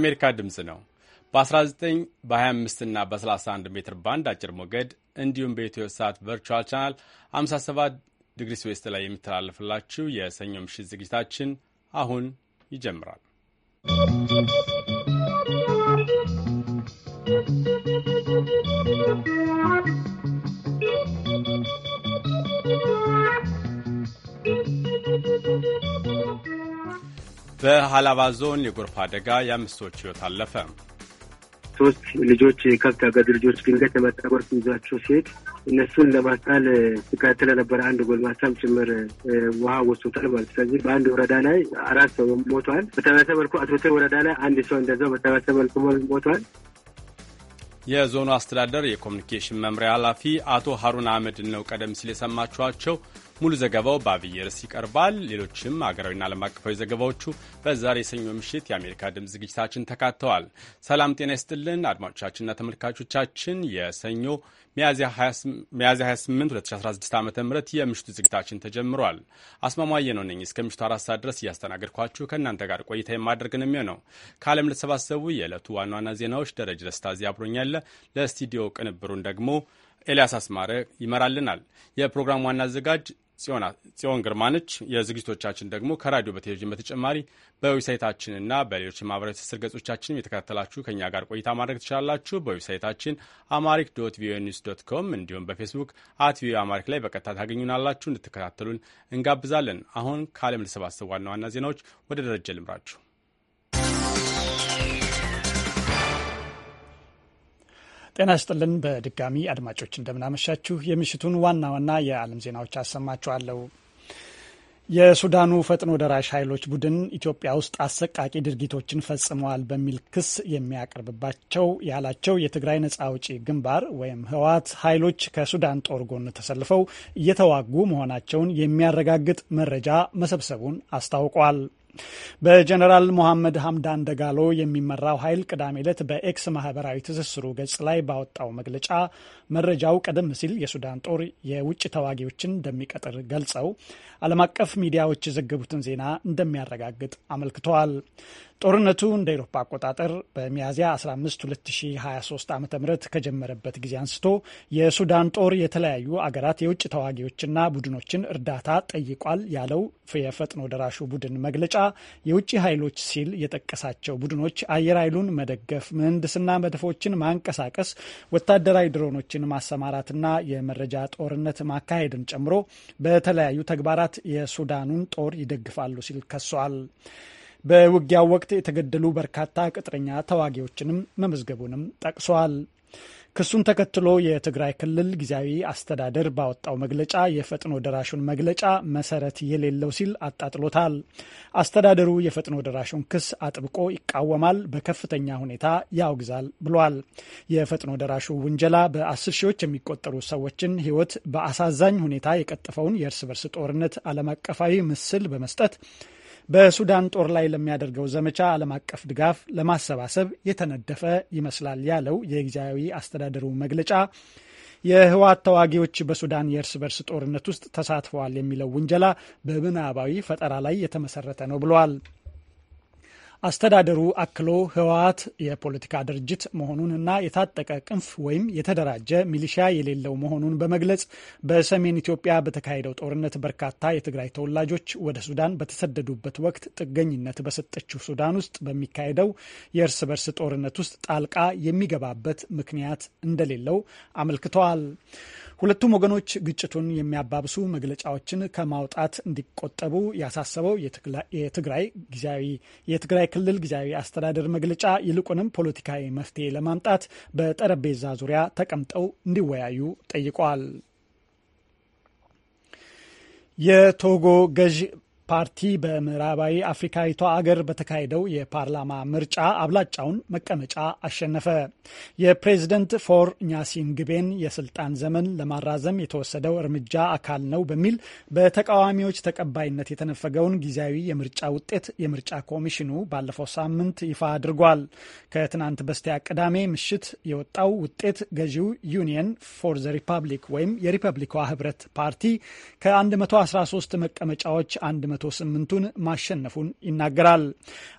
የአሜሪካ ድምፅ ነው። በ19 በ25 እና በ31 ሜትር ባንድ አጭር ሞገድ እንዲሁም በኢትዮ ሳት ቨርቹዋል ቻናል 57 ዲግሪ ስዌስት ላይ የሚተላለፍላችሁ የሰኞ ምሽት ዝግጅታችን አሁን ይጀምራል። ¶¶ በሀላባ ዞን የጎርፍ አደጋ የአምስት ሰዎች ህይወት አለፈ። ሶስት ልጆች የከብት አገድ ልጆች ድንገት የመጣ ጎርፍ ይዟቸው ሲሄድ እነሱን ለማስጣል ሲቃተል የነበረ አንድ ጎልማሳም ጭምር ውሃ ወስቶታል ማለት። ስለዚህ በአንድ ወረዳ ላይ አራት ሰው ሞቷል። በተመሳሳይ መልኩ አቶቴ ወረዳ ላይ አንድ ሰው እንደዛው በተመሳሳይ መልኩ ሞቷል። የዞኑ አስተዳደር የኮሚኒኬሽን መምሪያ ኃላፊ አቶ ሀሩን አህመድ ነው ቀደም ሲል የሰማችኋቸው። ሙሉ ዘገባው በአብይ ርዕስ ይቀርባል። ሌሎችም አገራዊና ዓለም አቀፋዊ ዘገባዎቹ በዛሬ የሰኞ ምሽት የአሜሪካ ድምፅ ዝግጅታችን ተካተዋል። ሰላም ጤና ይስጥልን አድማጮቻችንና ተመልካቾቻችን የሰኞ ሚያዝያ 28 2016 ዓ ም የምሽቱ ዝግጅታችን ተጀምሯል። አስማማየ ነው ነኝ እስከ ምሽቱ አራት ሰዓት ድረስ እያስተናገድኳችሁ ከእናንተ ጋር ቆይታ የማደርግ ነው የሚሆነው። ከዓለም ለተሰባሰቡ የዕለቱ ዋና ዋና ዜናዎች ደረጀ ደስታ እዚህ አብሮኛለ። ለስቱዲዮ ቅንብሩን ደግሞ ኤልያስ አስማረ ይመራልናል። የፕሮግራም ዋና አዘጋጅ ጽዮን ግርማነች። የዝግጅቶቻችን ደግሞ ከራዲዮ በቴሌቪዥን በተጨማሪ በዌብሳይታችንና በሌሎች የማህበራዊ ትስስር ገጾቻችንም የተከታተላችሁ ከእኛ ጋር ቆይታ ማድረግ ትችላላችሁ። በዌብሳይታችን አማሪክ ዶት ቪኦኤ ኒውስ ዶት ኮም እንዲሁም በፌስቡክ አት ቪኦኤ አማሪክ ላይ በቀጥታ ታገኙናላችሁ። እንድትከታተሉን እንጋብዛለን። አሁን ከዓለም ለሰባሰብ ዋና ዋና ዜናዎች ወደ ደረጀ ልምራችሁ። ጤና ይስጥልን በድጋሚ አድማጮች እንደምናመሻችሁ። የምሽቱን ዋና ዋና የዓለም ዜናዎች አሰማችኋለሁ። የሱዳኑ ፈጥኖ ደራሽ ኃይሎች ቡድን ኢትዮጵያ ውስጥ አሰቃቂ ድርጊቶችን ፈጽመዋል በሚል ክስ የሚያቀርብባቸው ያላቸው የትግራይ ነጻ አውጪ ግንባር ወይም ህወሓት ኃይሎች ከሱዳን ጦር ጎን ተሰልፈው እየተዋጉ መሆናቸውን የሚያረጋግጥ መረጃ መሰብሰቡን አስታውቋል። በጀነራል ሞሐመድ ሀምዳን ደጋሎ የሚመራው ኃይል ቅዳሜ ዕለት በኤክስ ማህበራዊ ትስስሩ ገጽ ላይ ባወጣው መግለጫ መረጃው ቀደም ሲል የሱዳን ጦር የውጭ ተዋጊዎችን እንደሚቀጥር ገልጸው ዓለም አቀፍ ሚዲያዎች የዘገቡትን ዜና እንደሚያረጋግጥ አመልክተዋል። ጦርነቱ እንደ ኤሮፓ አቆጣጠር በሚያዝያ 15 2023 ዓ ም ከጀመረበት ጊዜ አንስቶ የሱዳን ጦር የተለያዩ አገራት የውጭ ተዋጊዎችና ቡድኖችን እርዳታ ጠይቋል ያለው የፈጥኖ ደራሹ ቡድን መግለጫ የውጭ ኃይሎች ሲል የጠቀሳቸው ቡድኖች አየር ኃይሉን መደገፍ፣ ምህንድስና መድፎችን ማንቀሳቀስ፣ ወታደራዊ ድሮኖችን ማሰማራትና የመረጃ ጦርነት ማካሄድን ጨምሮ በተለያዩ ተግባራት የሱዳኑን ጦር ይደግፋሉ ሲል ከሷል። በውጊያው ወቅት የተገደሉ በርካታ ቅጥረኛ ተዋጊዎችንም መመዝገቡንም ጠቅሷል። ክሱን ተከትሎ የትግራይ ክልል ጊዜያዊ አስተዳደር ባወጣው መግለጫ የፈጥኖ ደራሹን መግለጫ መሰረት የሌለው ሲል አጣጥሎታል። አስተዳደሩ የፈጥኖ ደራሹን ክስ አጥብቆ ይቃወማል፣ በከፍተኛ ሁኔታ ያውግዛል ብሏል። የፈጥኖ ደራሹ ውንጀላ በአስር ሺዎች የሚቆጠሩ ሰዎችን ሕይወት በአሳዛኝ ሁኔታ የቀጠፈውን የእርስ በርስ ጦርነት ዓለም አቀፋዊ ምስል በመስጠት በሱዳን ጦር ላይ ለሚያደርገው ዘመቻ ዓለም አቀፍ ድጋፍ ለማሰባሰብ የተነደፈ ይመስላል ያለው የጊዜያዊ አስተዳደሩ መግለጫ የህወሓት ተዋጊዎች በሱዳን የእርስ በርስ ጦርነት ውስጥ ተሳትፈዋል የሚለው ውንጀላ በምናባዊ ፈጠራ ላይ የተመሰረተ ነው ብለዋል። አስተዳደሩ አክሎ ህወሓት የፖለቲካ ድርጅት መሆኑን እና የታጠቀ ቅንፍ ወይም የተደራጀ ሚሊሻ የሌለው መሆኑን በመግለጽ በሰሜን ኢትዮጵያ በተካሄደው ጦርነት በርካታ የትግራይ ተወላጆች ወደ ሱዳን በተሰደዱበት ወቅት ጥገኝነት በሰጠችው ሱዳን ውስጥ በሚካሄደው የእርስ በርስ ጦርነት ውስጥ ጣልቃ የሚገባበት ምክንያት እንደሌለው አመልክተዋል። ሁለቱም ወገኖች ግጭቱን የሚያባብሱ መግለጫዎችን ከማውጣት እንዲቆጠቡ ያሳሰበው የትግራይ ክልል ጊዜያዊ አስተዳደር መግለጫ ይልቁንም ፖለቲካዊ መፍትሄ ለማምጣት በጠረጴዛ ዙሪያ ተቀምጠው እንዲወያዩ ጠይቋል። የቶጎ ገዥ ፓርቲ በምዕራባዊ አፍሪካዊቷ አገር በተካሄደው የፓርላማ ምርጫ አብላጫውን መቀመጫ አሸነፈ። የፕሬዝደንት ፎር ኛሲን ግቤን የስልጣን ዘመን ለማራዘም የተወሰደው እርምጃ አካል ነው በሚል በተቃዋሚዎች ተቀባይነት የተነፈገውን ጊዜያዊ የምርጫ ውጤት የምርጫ ኮሚሽኑ ባለፈው ሳምንት ይፋ አድርጓል። ከትናንት በስቲያ ቅዳሜ ምሽት የወጣው ውጤት ገዢው ዩኒየን ፎር ዘ ሪፐብሊክ ወይም የሪፐብሊኳ ህብረት ፓርቲ ከ113 መቀመጫዎች 108 ስምንቱን ማሸነፉን ይናገራል።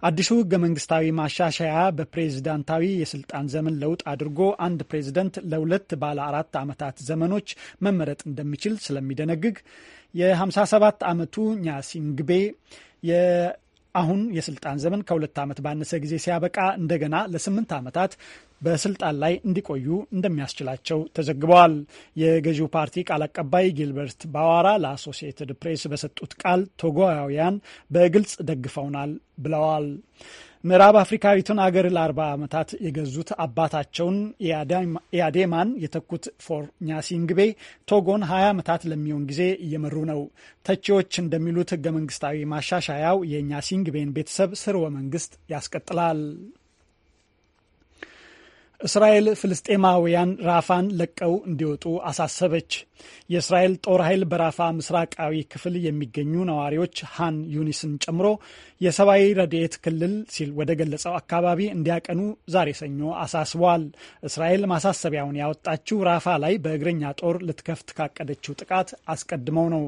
አዲሱ ህገ መንግስታዊ ማሻሻያ በፕሬዝዳንታዊ የስልጣን ዘመን ለውጥ አድርጎ አንድ ፕሬዝደንት ለሁለት ባለ አራት ዓመታት ዘመኖች መመረጥ እንደሚችል ስለሚደነግግ የ57 ዓመቱ ኛሲንግቤ አሁን የስልጣን ዘመን ከሁለት ዓመት ባነሰ ጊዜ ሲያበቃ እንደገና ለስምንት ዓመታት በስልጣን ላይ እንዲቆዩ እንደሚያስችላቸው ተዘግበዋል። የገዢው ፓርቲ ቃል አቀባይ ጊልበርት ባዋራ ለአሶሲየትድ ፕሬስ በሰጡት ቃል ቶጎያውያን በግልጽ ደግፈውናል ብለዋል። ምዕራብ አፍሪካዊቱን አገር ለ40 ዓመታት የገዙት አባታቸውን ኢያዴማን የተኩት ፎር ኛሲንግቤ ቶጎን 20 ዓመታት ለሚሆን ጊዜ እየመሩ ነው። ተቺዎች እንደሚሉት ህገ መንግስታዊ ማሻሻያው የኛሲንግቤን ቤተሰብ ስርወ መንግስት ያስቀጥላል። እስራኤል ፍልስጤማውያን ራፋን ለቀው እንዲወጡ አሳሰበች። የእስራኤል ጦር ኃይል በራፋ ምስራቃዊ ክፍል የሚገኙ ነዋሪዎች ሃን ዩኒስን ጨምሮ የሰብአዊ ረድኤት ክልል ሲል ወደ ገለጸው አካባቢ እንዲያቀኑ ዛሬ ሰኞ አሳስቧል። እስራኤል ማሳሰቢያውን ያወጣችው ራፋ ላይ በእግረኛ ጦር ልትከፍት ካቀደችው ጥቃት አስቀድመው ነው።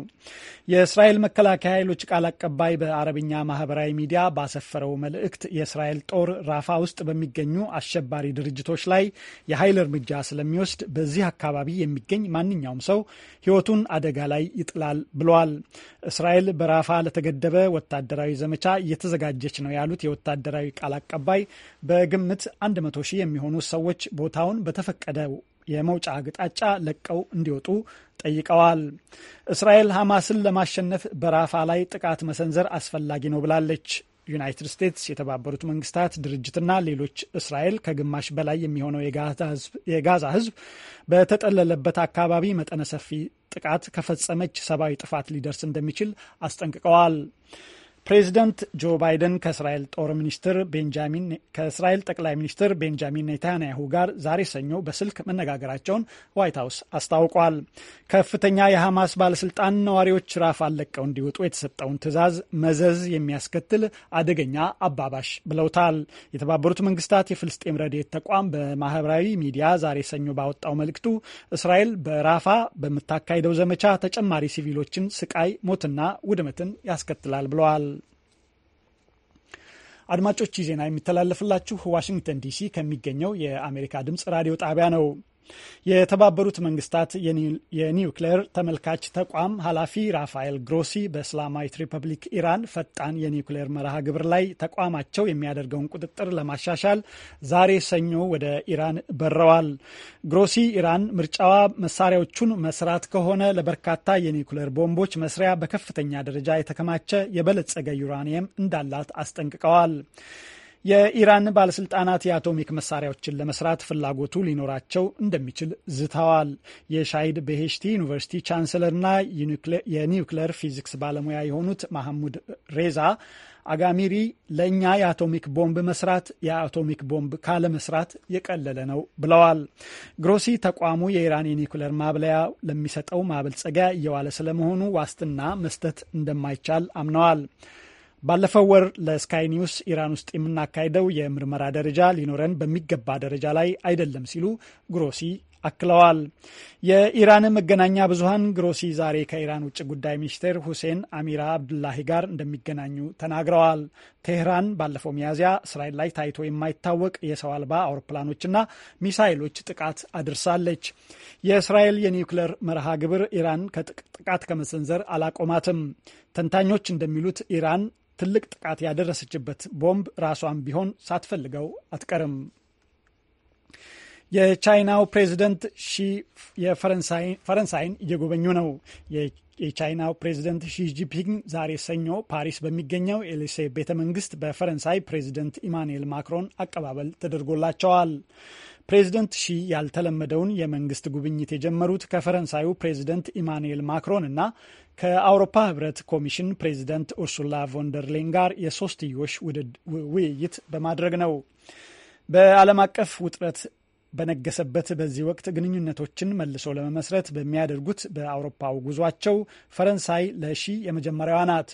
የእስራኤል መከላከያ ኃይሎች ቃል አቀባይ በአረብኛ ማህበራዊ ሚዲያ ባሰፈረው መልእክት የእስራኤል ጦር ራፋ ውስጥ በሚገኙ አሸባሪ ድርጅቶች ሰዎች ላይ የኃይል እርምጃ ስለሚወስድ በዚህ አካባቢ የሚገኝ ማንኛውም ሰው ሕይወቱን አደጋ ላይ ይጥላል ብለዋል። እስራኤል በራፋ ለተገደበ ወታደራዊ ዘመቻ እየተዘጋጀች ነው ያሉት የወታደራዊ ቃል አቀባይ በግምት 100 ሺህ የሚሆኑ ሰዎች ቦታውን በተፈቀደው የመውጫ አቅጣጫ ለቀው እንዲወጡ ጠይቀዋል። እስራኤል ሐማስን ለማሸነፍ በራፋ ላይ ጥቃት መሰንዘር አስፈላጊ ነው ብላለች። ዩናይትድ ስቴትስ፣ የተባበሩት መንግስታት ድርጅትና ሌሎች እስራኤል ከግማሽ በላይ የሚሆነው የጋዛ ህዝብ በተጠለለበት አካባቢ መጠነ ሰፊ ጥቃት ከፈጸመች ሰብአዊ ጥፋት ሊደርስ እንደሚችል አስጠንቅቀዋል። ፕሬዚደንት ጆ ባይደን ከእስራኤል ጦር ሚኒስትር ቤንጃሚን ከእስራኤል ጠቅላይ ሚኒስትር ቤንጃሚን ኔታንያሁ ጋር ዛሬ ሰኞ በስልክ መነጋገራቸውን ዋይት ሀውስ አስታውቋል። ከፍተኛ የሐማስ ባለስልጣን ነዋሪዎች ራፍ አለቀው እንዲወጡ የተሰጠውን ትዕዛዝ መዘዝ የሚያስከትል አደገኛ አባባሽ ብለውታል። የተባበሩት መንግስታት የፍልስጤም ረድኤት ተቋም በማህበራዊ ሚዲያ ዛሬ ሰኞ ባወጣው መልእክቱ እስራኤል በራፋ በምታካሂደው ዘመቻ ተጨማሪ ሲቪሎችን ስቃይ፣ ሞትና ውድመትን ያስከትላል ብለዋል። አድማጮች ዜና የሚተላለፍላችሁ ዋሽንግተን ዲሲ ከሚገኘው የአሜሪካ ድምጽ ራዲዮ ጣቢያ ነው። የተባበሩት መንግስታት የኒውክሌር ተመልካች ተቋም ኃላፊ ራፋኤል ግሮሲ በእስላማዊት ሪፐብሊክ ኢራን ፈጣን የኒውክሌር መርሃ ግብር ላይ ተቋማቸው የሚያደርገውን ቁጥጥር ለማሻሻል ዛሬ ሰኞ ወደ ኢራን በረዋል። ግሮሲ ኢራን ምርጫዋ መሳሪያዎቹን መስራት ከሆነ ለበርካታ የኒውክሌር ቦምቦች መስሪያ በከፍተኛ ደረጃ የተከማቸ የበለጸገ ዩራኒየም እንዳላት አስጠንቅቀዋል። የኢራን ባለስልጣናት የአቶሚክ መሳሪያዎችን ለመስራት ፍላጎቱ ሊኖራቸው እንደሚችል ዝተዋል። የሻይድ በሄሽቲ ዩኒቨርሲቲ ቻንስለርና የኒውክሌር ፊዚክስ ባለሙያ የሆኑት ማሐሙድ ሬዛ አጋሚሪ ለእኛ የአቶሚክ ቦምብ መስራት የአቶሚክ ቦምብ ካለመስራት የቀለለ ነው ብለዋል። ግሮሲ ተቋሙ የኢራን የኒኩለር ማብለያ ለሚሰጠው ማበልጸጊያ እየዋለ ስለመሆኑ ዋስትና መስጠት እንደማይቻል አምነዋል። ባለፈው ወር ለስካይ ኒውስ ኢራን ውስጥ የምናካሄደው የምርመራ ደረጃ ሊኖረን በሚገባ ደረጃ ላይ አይደለም ሲሉ ግሮሲ አክለዋል። የኢራን መገናኛ ብዙሀን ግሮሲ ዛሬ ከኢራን ውጭ ጉዳይ ሚኒስቴር ሁሴን አሚራ አብዱላሂ ጋር እንደሚገናኙ ተናግረዋል። ቴህራን ባለፈው ሚያዝያ እስራኤል ላይ ታይቶ የማይታወቅ የሰው አልባ አውሮፕላኖችና ሚሳይሎች ጥቃት አድርሳለች። የእስራኤል የኒውክለር መርሃ ግብር ኢራን ጥቃት ከመሰንዘር አላቆማትም። ተንታኞች እንደሚሉት ኢራን ትልቅ ጥቃት ያደረሰችበት ቦምብ ራሷን ቢሆን ሳትፈልገው አትቀርም። የቻይናው ፕሬዚደንት ሺ ፈረንሳይን እየጎበኙ ነው። የቻይናው ፕሬዚደንት ሺጂፒንግ ዛሬ ሰኞ ፓሪስ በሚገኘው ኤሊሴ ቤተ መንግስት በፈረንሳይ ፕሬዚደንት ኢማኑኤል ማክሮን አቀባበል ተደርጎላቸዋል። ፕሬዚደንት ሺ ያልተለመደውን የመንግስት ጉብኝት የጀመሩት ከፈረንሳዩ ፕሬዚደንት ኢማኑኤል ማክሮን እና ከአውሮፓ ህብረት ኮሚሽን ፕሬዚደንት ኡርሱላ ቮንደርሌን ጋር የሶስትዮሽ ውይይት በማድረግ ነው። በዓለም አቀፍ ውጥረት በነገሰበት በዚህ ወቅት ግንኙነቶችን መልሶ ለመመስረት በሚያደርጉት በአውሮፓው ጉዟቸው ፈረንሳይ ለሺ የመጀመሪያዋ ናት።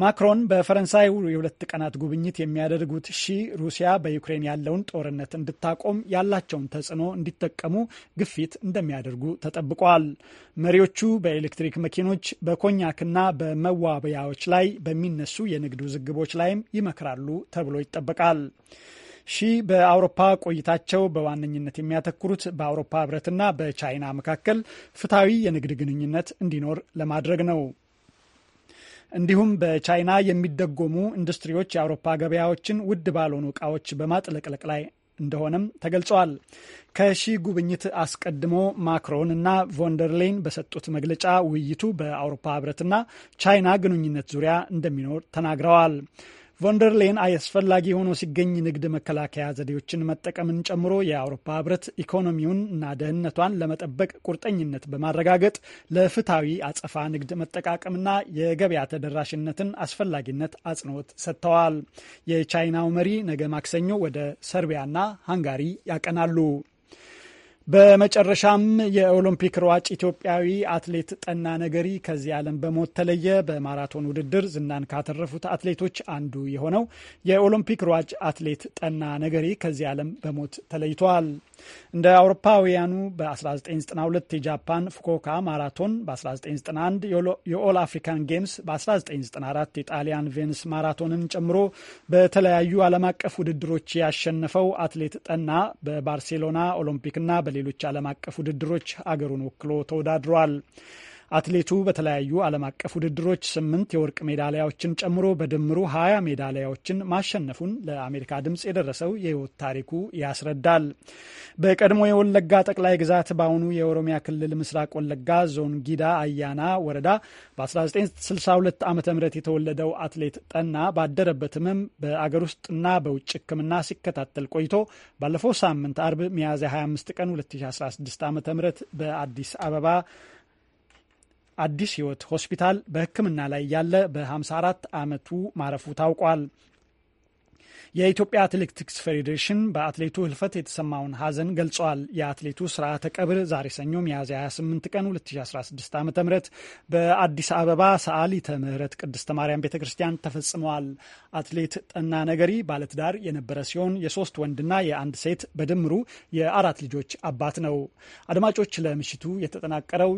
ማክሮን በፈረንሳይ የሁለት ቀናት ጉብኝት የሚያደርጉት ሺ ሩሲያ በዩክሬን ያለውን ጦርነት እንድታቆም ያላቸውን ተጽዕኖ እንዲጠቀሙ ግፊት እንደሚያደርጉ ተጠብቋል። መሪዎቹ በኤሌክትሪክ መኪኖች፣ በኮኛክና በመዋቢያዎች ላይ በሚነሱ የንግድ ውዝግቦች ላይም ይመክራሉ ተብሎ ይጠበቃል። ሺ በአውሮፓ ቆይታቸው በዋነኝነት የሚያተኩሩት በአውሮፓ ህብረትና በቻይና መካከል ፍትሐዊ የንግድ ግንኙነት እንዲኖር ለማድረግ ነው። እንዲሁም በቻይና የሚደጎሙ ኢንዱስትሪዎች የአውሮፓ ገበያዎችን ውድ ባልሆኑ እቃዎች በማጥለቅለቅ ላይ እንደሆነም ተገልጸዋል። ከሺ ጉብኝት አስቀድሞ ማክሮን እና ቮንደርሌን በሰጡት መግለጫ ውይይቱ በአውሮፓ ህብረትና ቻይና ግንኙነት ዙሪያ እንደሚኖር ተናግረዋል። ቮንደርሌን አስፈላጊ ሆኖ ሲገኝ ንግድ መከላከያ ዘዴዎችን መጠቀምን ጨምሮ የአውሮፓ ህብረት ኢኮኖሚውን እና ደህንነቷን ለመጠበቅ ቁርጠኝነት በማረጋገጥ ለፍትሐዊ አጸፋ ንግድ መጠቃቀምና የገበያ ተደራሽነትን አስፈላጊነት አጽንኦት ሰጥተዋል። የቻይናው መሪ ነገ ማክሰኞ ወደ ሰርቢያና ሃንጋሪ ያቀናሉ። በመጨረሻም የኦሎምፒክ ሯጭ ኢትዮጵያዊ አትሌት ጠና ነገሪ ከዚህ ዓለም በሞት ተለየ። በማራቶን ውድድር ዝናን ካተረፉት አትሌቶች አንዱ የሆነው የኦሎምፒክ ሯጭ አትሌት ጠና ነገሪ ከዚህ ዓለም በሞት ተለይቷል። እንደ አውሮፓውያኑ በ1992 የጃፓን ፉኮካ ማራቶን፣ በ1991 የኦል አፍሪካን ጌምስ፣ በ1994 የጣሊያን ቬንስ ማራቶንን ጨምሮ በተለያዩ ዓለም አቀፍ ውድድሮች ያሸነፈው አትሌት ጠና በባርሴሎና ኦሎምፒክና በሌሎች ዓለም አቀፍ ውድድሮች አገሩን ወክሎ ተወዳድሯል። አትሌቱ በተለያዩ ዓለም አቀፍ ውድድሮች ስምንት የወርቅ ሜዳሊያዎችን ጨምሮ በድምሩ ሀያ ሜዳሊያዎችን ማሸነፉን ለአሜሪካ ድምፅ የደረሰው የህይወት ታሪኩ ያስረዳል። በቀድሞ የወለጋ ጠቅላይ ግዛት በአሁኑ የኦሮሚያ ክልል ምስራቅ ወለጋ ዞን ጊዳ አያና ወረዳ በ1962 ዓ ም የተወለደው አትሌት ጠና ባደረበት ህመም በአገር ውስጥና በውጭ ሕክምና ሲከታተል ቆይቶ ባለፈው ሳምንት አርብ ሚያዝያ 25 ቀን 2016 ዓ ም በአዲስ አበባ አዲስ ሕይወት ሆስፒታል በሕክምና ላይ ያለ በ54 ዓመቱ ማረፉ ታውቋል። የኢትዮጵያ አትሌቲክስ ፌዴሬሽን በአትሌቱ ህልፈት የተሰማውን ሐዘን ገልጿል። የአትሌቱ ስርዓተ ቀብር ዛሬ ሰኞ ሚያዝያ 28 ቀን 2016 ዓ ም በአዲስ አበባ ሰዓሊተ ምሕረት ቅድስተ ማርያም ቤተ ክርስቲያን ተፈጽመዋል። አትሌት ጠና ነገሪ ባለትዳር የነበረ ሲሆን የሶስት ወንድና የአንድ ሴት በድምሩ የአራት ልጆች አባት ነው። አድማጮች፣ ለምሽቱ የተጠናቀረው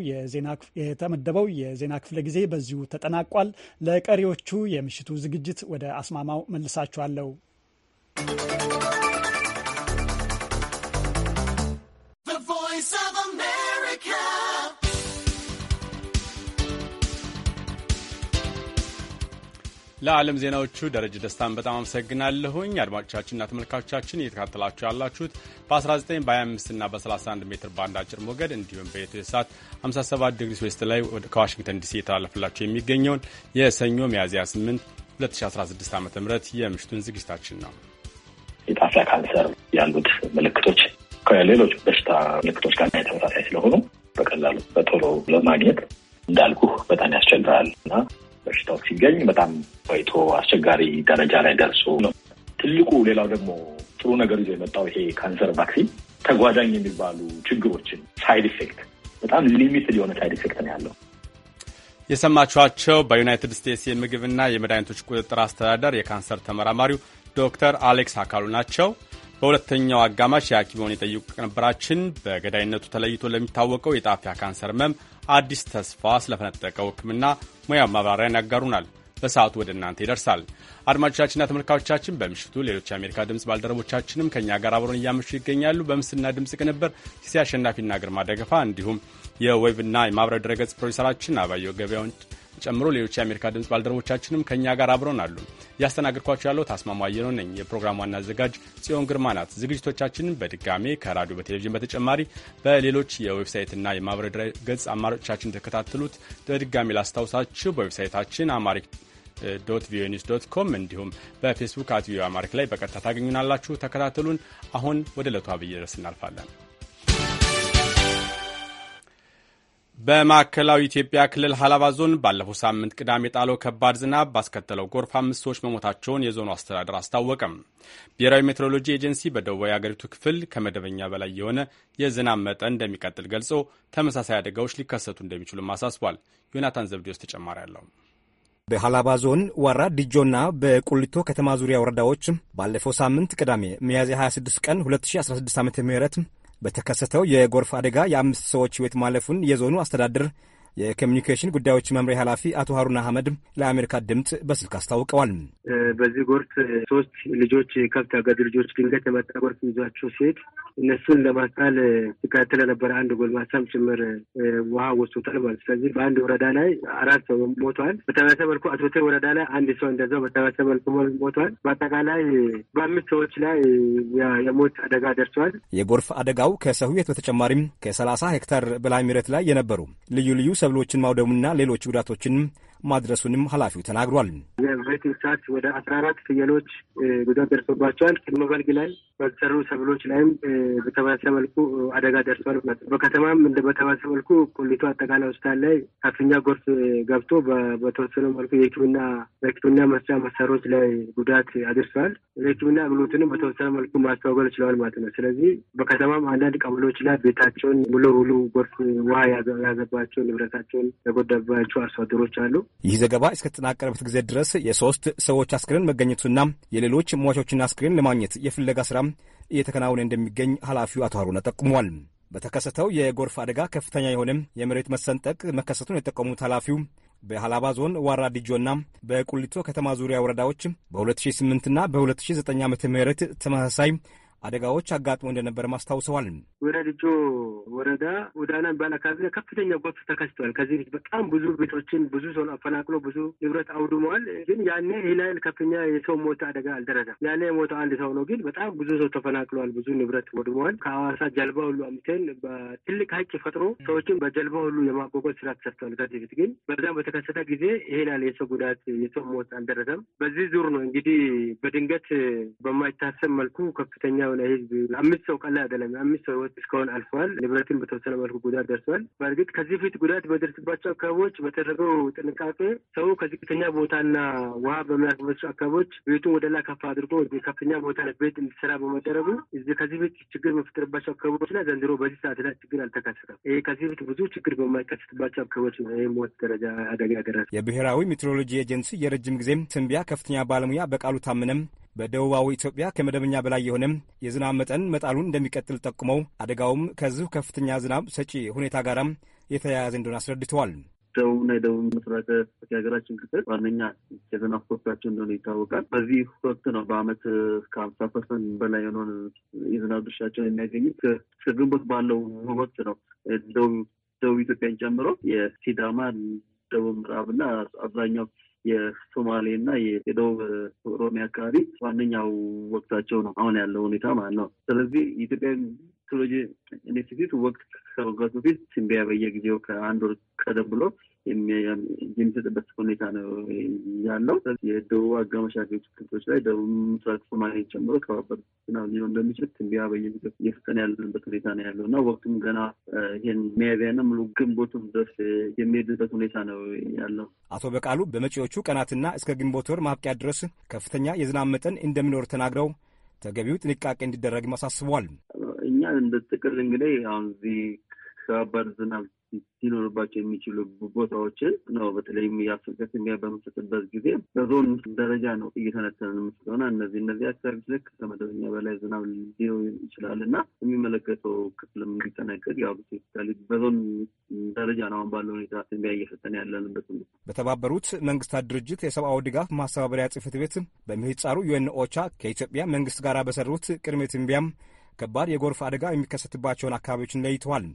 የተመደበው የዜና ክፍለ ጊዜ በዚሁ ተጠናቋል። ለቀሪዎቹ የምሽቱ ዝግጅት ወደ አስማማው መልሳችኋለሁ። ለዓለም ዜናዎቹ ደረጀ ደስታን በጣም አመሰግናለሁኝ። አድማጮቻችንና ተመልካቾቻችን እየተካተላችሁ ያላችሁት በ19 በ25 እና በ31 ሜትር ባንድ አጭር ሞገድ እንዲሁም በኢትዮ ሳት 57 ዲግሪ ስዌስት ላይ ከዋሽንግተን ዲሲ የተላለፍላቸው የሚገኘውን የሰኞ ሚያዝያ 8 2016 ዓ ም የምሽቱን ዝግጅታችን ነው። የጣፊያ ካንሰር ያሉት ምልክቶች ከሌሎች በሽታ ምልክቶች ጋር የተመሳሳይ ስለሆኑ በቀላሉ በቶሎ ለማግኘት እንዳልኩ በጣም ያስቸግራል እና በሽታው ሲገኝ በጣም ወይቶ አስቸጋሪ ደረጃ ላይ ደርሶ ነው። ትልቁ ሌላው ደግሞ ጥሩ ነገር ይዞ የመጣው ይሄ ካንሰር ቫክሲን ተጓዳኝ የሚባሉ ችግሮችን ሳይድ ኢፌክት በጣም ሊሚትድ የሆነ ሳይድ ኢፌክት ነው ያለው። የሰማችኋቸው በዩናይትድ ስቴትስ የምግብና የመድኃኒቶች ቁጥጥር አስተዳደር የካንሰር ተመራማሪው ዶክተር አሌክስ አካሉ ናቸው። በሁለተኛው አጋማሽ የሐኪሞን የጠይቁ ቅንብራችን በገዳይነቱ ተለይቶ ለሚታወቀው የጣፊያ ካንሰር ህመም አዲስ ተስፋ ስለፈነጠቀው ሕክምና ሙያ ማብራሪያን ያጋሩናል። በሰዓቱ ወደ እናንተ ይደርሳል። አድማጮቻችንና ተመልካቾቻችን በምሽቱ ሌሎች የአሜሪካ ድምፅ ባልደረቦቻችንም ከእኛ ጋር አብረን እያመሹ ይገኛሉ። በምስልና ድምፅ ቅንብር ሲሲ አሸናፊና ግርማ ደገፋ እንዲሁም የዌብና የማህበራዊ ድረገጽ ፕሮዲሰራችን አባየው ገበያውን ጨምሮ ሌሎች የአሜሪካ ድምፅ ባልደረቦቻችንም ከእኛ ጋር አብረውን አሉ። እያስተናገድኳቸው ያለው ታስማማ አየነው ነኝ። የፕሮግራም ዋና አዘጋጅ ጽዮን ግርማ ናት። ዝግጅቶቻችንን በድጋሜ ከራዲዮ በቴሌቪዥን በተጨማሪ በሌሎች የዌብሳይትና የማህበራዊ ገጽ አማራጮቻችን ተከታተሉት። በድጋሜ ላስታውሳችሁ በዌብሳይታችን አማሪክ ዶት ቪኦኤ ኒውስ ዶት ኮም እንዲሁም በፌስቡክ አት ቪኦኤ አማሪክ ላይ በቀጥታ ታገኙናላችሁ። ተከታተሉን። አሁን ወደ ዕለቱ አብይ ርዕስ እናልፋለን። በማዕከላዊ ኢትዮጵያ ክልል ሀላባ ዞን ባለፈው ሳምንት ቅዳሜ የጣለው ከባድ ዝናብ ባስከተለው ጎርፍ አምስት ሰዎች መሞታቸውን የዞኑ አስተዳደር አስታወቀም። ብሔራዊ ሜትሮሎጂ ኤጀንሲ በደቡባዊ አገሪቱ ክፍል ከመደበኛ በላይ የሆነ የዝናብ መጠን እንደሚቀጥል ገልጾ ተመሳሳይ አደጋዎች ሊከሰቱ እንደሚችሉም አሳስቧል። ዮናታን ዘብዴዎስ ተጨማሪ አለው። በሀላባ ዞን ዋራ ዲጆና በቁሊቶ ከተማ ዙሪያ ወረዳዎች ባለፈው ሳምንት ቅዳሜ ሚያዝያ 26 ቀን 2016 ዓ ም በተከሰተው የጎርፍ አደጋ የአምስት ሰዎች ህይወት ማለፉን የዞኑ አስተዳደር የኮሚኒኬሽን ጉዳዮች መምሪያ ኃላፊ አቶ ሀሩን አህመድ ለአሜሪካ ድምፅ በስልክ አስታውቀዋል። በዚህ ጎርፍ ሶስት ልጆች ከብት አገድ ልጆች ድንገት የመጣ ጎርፍ ይዟቸው ሲሄድ እነሱን ለማስጣል ሲከተል የነበረ አንድ ጎልማሳም ጭምር ውሃ ወስቶታል ማለት ስለዚህ በአንድ ወረዳ ላይ አራት ሰው ሞቷል። በተመሳሳይ መልኩ አቶቴ ወረዳ ላይ አንድ ሰው እንደዛው በተመሳሳይ መልኩ ሞቷል። በአጠቃላይ በአምስት ሰዎች ላይ የሞት አደጋ ደርሷል። የጎርፍ አደጋው ከሰው ሕይወት በተጨማሪም ከሰላሳ ሄክታር በላይ መሬት ላይ የነበሩ ልዩ ልዩ ሰብሎችን ማውደሙና ሌሎች ጉዳቶችን ማድረሱንም ኃላፊው ተናግሯል። ዘመሬት እንስሳት ወደ አስራ አራት ፍየሎች ጉዳት ደርሶባቸዋል። ቅድመ በልግ ላይ በተሰሩ ሰብሎች ላይም በተባሰ መልኩ አደጋ ደርሷል ማለት ነው። በከተማም እንደ በተባሰ መልኩ ኮሊቱ አጠቃላይ ሆስፒታል ላይ ከፍተኛ ጎርፍ ገብቶ በተወሰነ መልኩ የህክምና በህክምና መስጫ መሳሪያዎች ላይ ጉዳት አድርሷል። የህክምና አገልግሎትንም በተወሰነ መልኩ ማስተዋወል ችለዋል ማለት ነው። ስለዚህ በከተማም አንዳንድ ቀበሌዎች ላይ ቤታቸውን ሙሉ ሙሉ ጎርፍ ውሃ ያዘባቸው ንብረታቸውን የጎዳባቸው አርሶ አደሮች አሉ። ይህ ዘገባ እስከተጠናቀረበት ጊዜ ድረስ የሶስት ሰዎች አስክሬን መገኘቱና የሌሎች ሟቾችን አስክሬን ለማግኘት የፍለጋ ስራ እየተከናወነ እንደሚገኝ ኃላፊው አቶ ሀሩና ጠቁሟል። በተከሰተው የጎርፍ አደጋ ከፍተኛ የሆነ የመሬት መሰንጠቅ መከሰቱን የጠቀሙት ኃላፊው በሀላባ ዞን ዋራ ዲጆና በቁሊቶ ከተማ ዙሪያ ወረዳዎች በ2008ና በ2009 ዓ ም ተመሳሳይ አደጋዎች አጋጥሞ እንደነበር ማስታውሰዋል። ወረድጆ ወረዳ ወዳና ባል አካባቢ ከፍተኛ ጎርፍ ተከስቷል። ከዚህ ፊት በጣም ብዙ ቤቶችን ብዙ ሰው አፈናቅሎ ብዙ ንብረት አውድመዋል። ግን ያኔ ይህ ላይል ከፍተኛ የሰው ሞት አደጋ አልደረሰም። ያኔ የሞተው አንድ ሰው ነው። ግን በጣም ብዙ ሰው ተፈናቅለዋል። ብዙ ንብረት ወድመዋል። ከሐዋሳ ጀልባ ሁሉ አምተን በትልቅ ሀይቅ ፈጥሮ ሰዎችን በጀልባ ሁሉ የማጓጓዝ ስራ ተሰርተዋል። ከዚህ ፊት ግን በዛም በተከሰተ ጊዜ ይህ የሰው ጉዳት የሰው ሞት አልደረሰም። በዚህ ዙር ነው እንግዲህ በድንገት በማይታሰብ መልኩ ከፍተኛ ህዝብ አምስት ሰው ቀላል አይደለም። አምስት ሰው ህይወት እስካሁን አልፏል። ንብረትን በተወሰነ መልኩ ጉዳት ደርሷል። በእርግጥ ከዚህ ፊት ጉዳት በደርስባቸው አካባቢዎች በተደረገው ጥንቃቄ ሰው ከዝቅተኛ ቦታና ውሃ በሚያስበሱ አካባቢዎች ቤቱን ወደ ላይ ከፍ አድርጎ ከፍተኛ ቦታ ቤት እንዲሰራ በመደረጉ እዚህ ከዚህ ፊት ችግር በሚፈጠርባቸው አካባቢዎች ላይ ዘንድሮ በዚህ ሰዓት ላይ ችግር አልተከሰተም። ይህ ከዚህ ፊት ብዙ ችግር በማይከሰትባቸው አካባቢዎች ነው ይህ ሞት ደረጃ አደጋ ደረሰ። የብሔራዊ ሜትሮሎጂ ኤጀንሲ የረጅም ጊዜም ስንቢያ ከፍተኛ ባለሙያ በቃሉ ታምነም በደቡባዊ ኢትዮጵያ ከመደበኛ በላይ የሆነ የዝናብ መጠን መጣሉን እንደሚቀጥል ጠቁመው አደጋውም ከዚሁ ከፍተኛ ዝናብ ሰጪ ሁኔታ ጋራም የተያያዘ እንደሆነ አስረድተዋል። ደቡብና የደቡብ ምስራቅ የሀገራችን ክፍል ዋነኛ የዝናብ ወቅታቸው እንደሆነ ይታወቃል። በዚህ ወቅት ነው በአመት ከሀምሳ ፐርሰንት በላይ የሆነውን የዝናብ ድርሻቸውን የሚያገኙት። ከግንቦት ባለው ወቅት ነው ደቡብ ኢትዮጵያን ጨምሮ የሲዳማ ደቡብ ምዕራብና አብዛኛው የሶማሌ እና የደቡብ ኦሮሚያ አካባቢ ዋነኛው ወቅታቸው ነው አሁን ያለው ሁኔታ ማለት ነው። ስለዚህ ኢትዮጵያ ቴክኖሎጂ ኢንስቲትዩት ወቅት ከመግባቱ በፊት ትንበያ በየጊዜው ከአንድ ወር ቀደም ብሎ የሚሰጥበት ሁኔታ ነው ያለው። የደቡብ አጋማሽ ሀገሪቱ ክፍሎች ላይ ደቡብ ምስራቅ ሶማሌን ጨምሮ ከባበር ዝናብ ሊሆን እንደሚችል ትንበያ በየጊዜው እየፈጠነ ያለንበት ሁኔታ ነው ያለው እና ወቅቱም ገና ይህን ሚያዝያና ሙሉ ግንቦቱም ድረስ የሚሄድበት ሁኔታ ነው ያለው። አቶ በቃሉ በመጪዎቹ ቀናትና እስከ ግንቦት ወር ማብቂያ ድረስ ከፍተኛ የዝናብ መጠን እንደሚኖር ተናግረው ተገቢው ጥንቃቄ እንዲደረግ አሳስቧል። እንደ ጥቅል እንግዲህ አሁን እዚህ ከባድ ዝናብ ሊኖርባቸው የሚችሉ ቦታዎችን ነው። በተለይም የአፍሪካ ትንበያ በምንሰጥበት ጊዜ በዞን ደረጃ ነው እየተነተንን ምስለሆነ እነዚህ እነዚህ አካባቢዎች ልክ ከመደበኛ በላይ ዝናብ ሊሆን ይችላል እና የሚመለከተው ክፍልም እንዲጠነቀቅ ያው በዞን ደረጃ ነው አሁን ባለው ሁኔታ ትንበያ እየፈጠን ያለንበት። በተባበሩት መንግስታት ድርጅት የሰብአዊ ድጋፍ ማስተባበሪያ ጽህፈት ቤት በምህጻሩ ዩኤን ኦቻ ከኢትዮጵያ መንግስት ጋር በሰሩት ቅድመ ትንበያም ከባድ የጎርፍ አደጋ የሚከሰትባቸውን አካባቢዎችን ለይተዋል።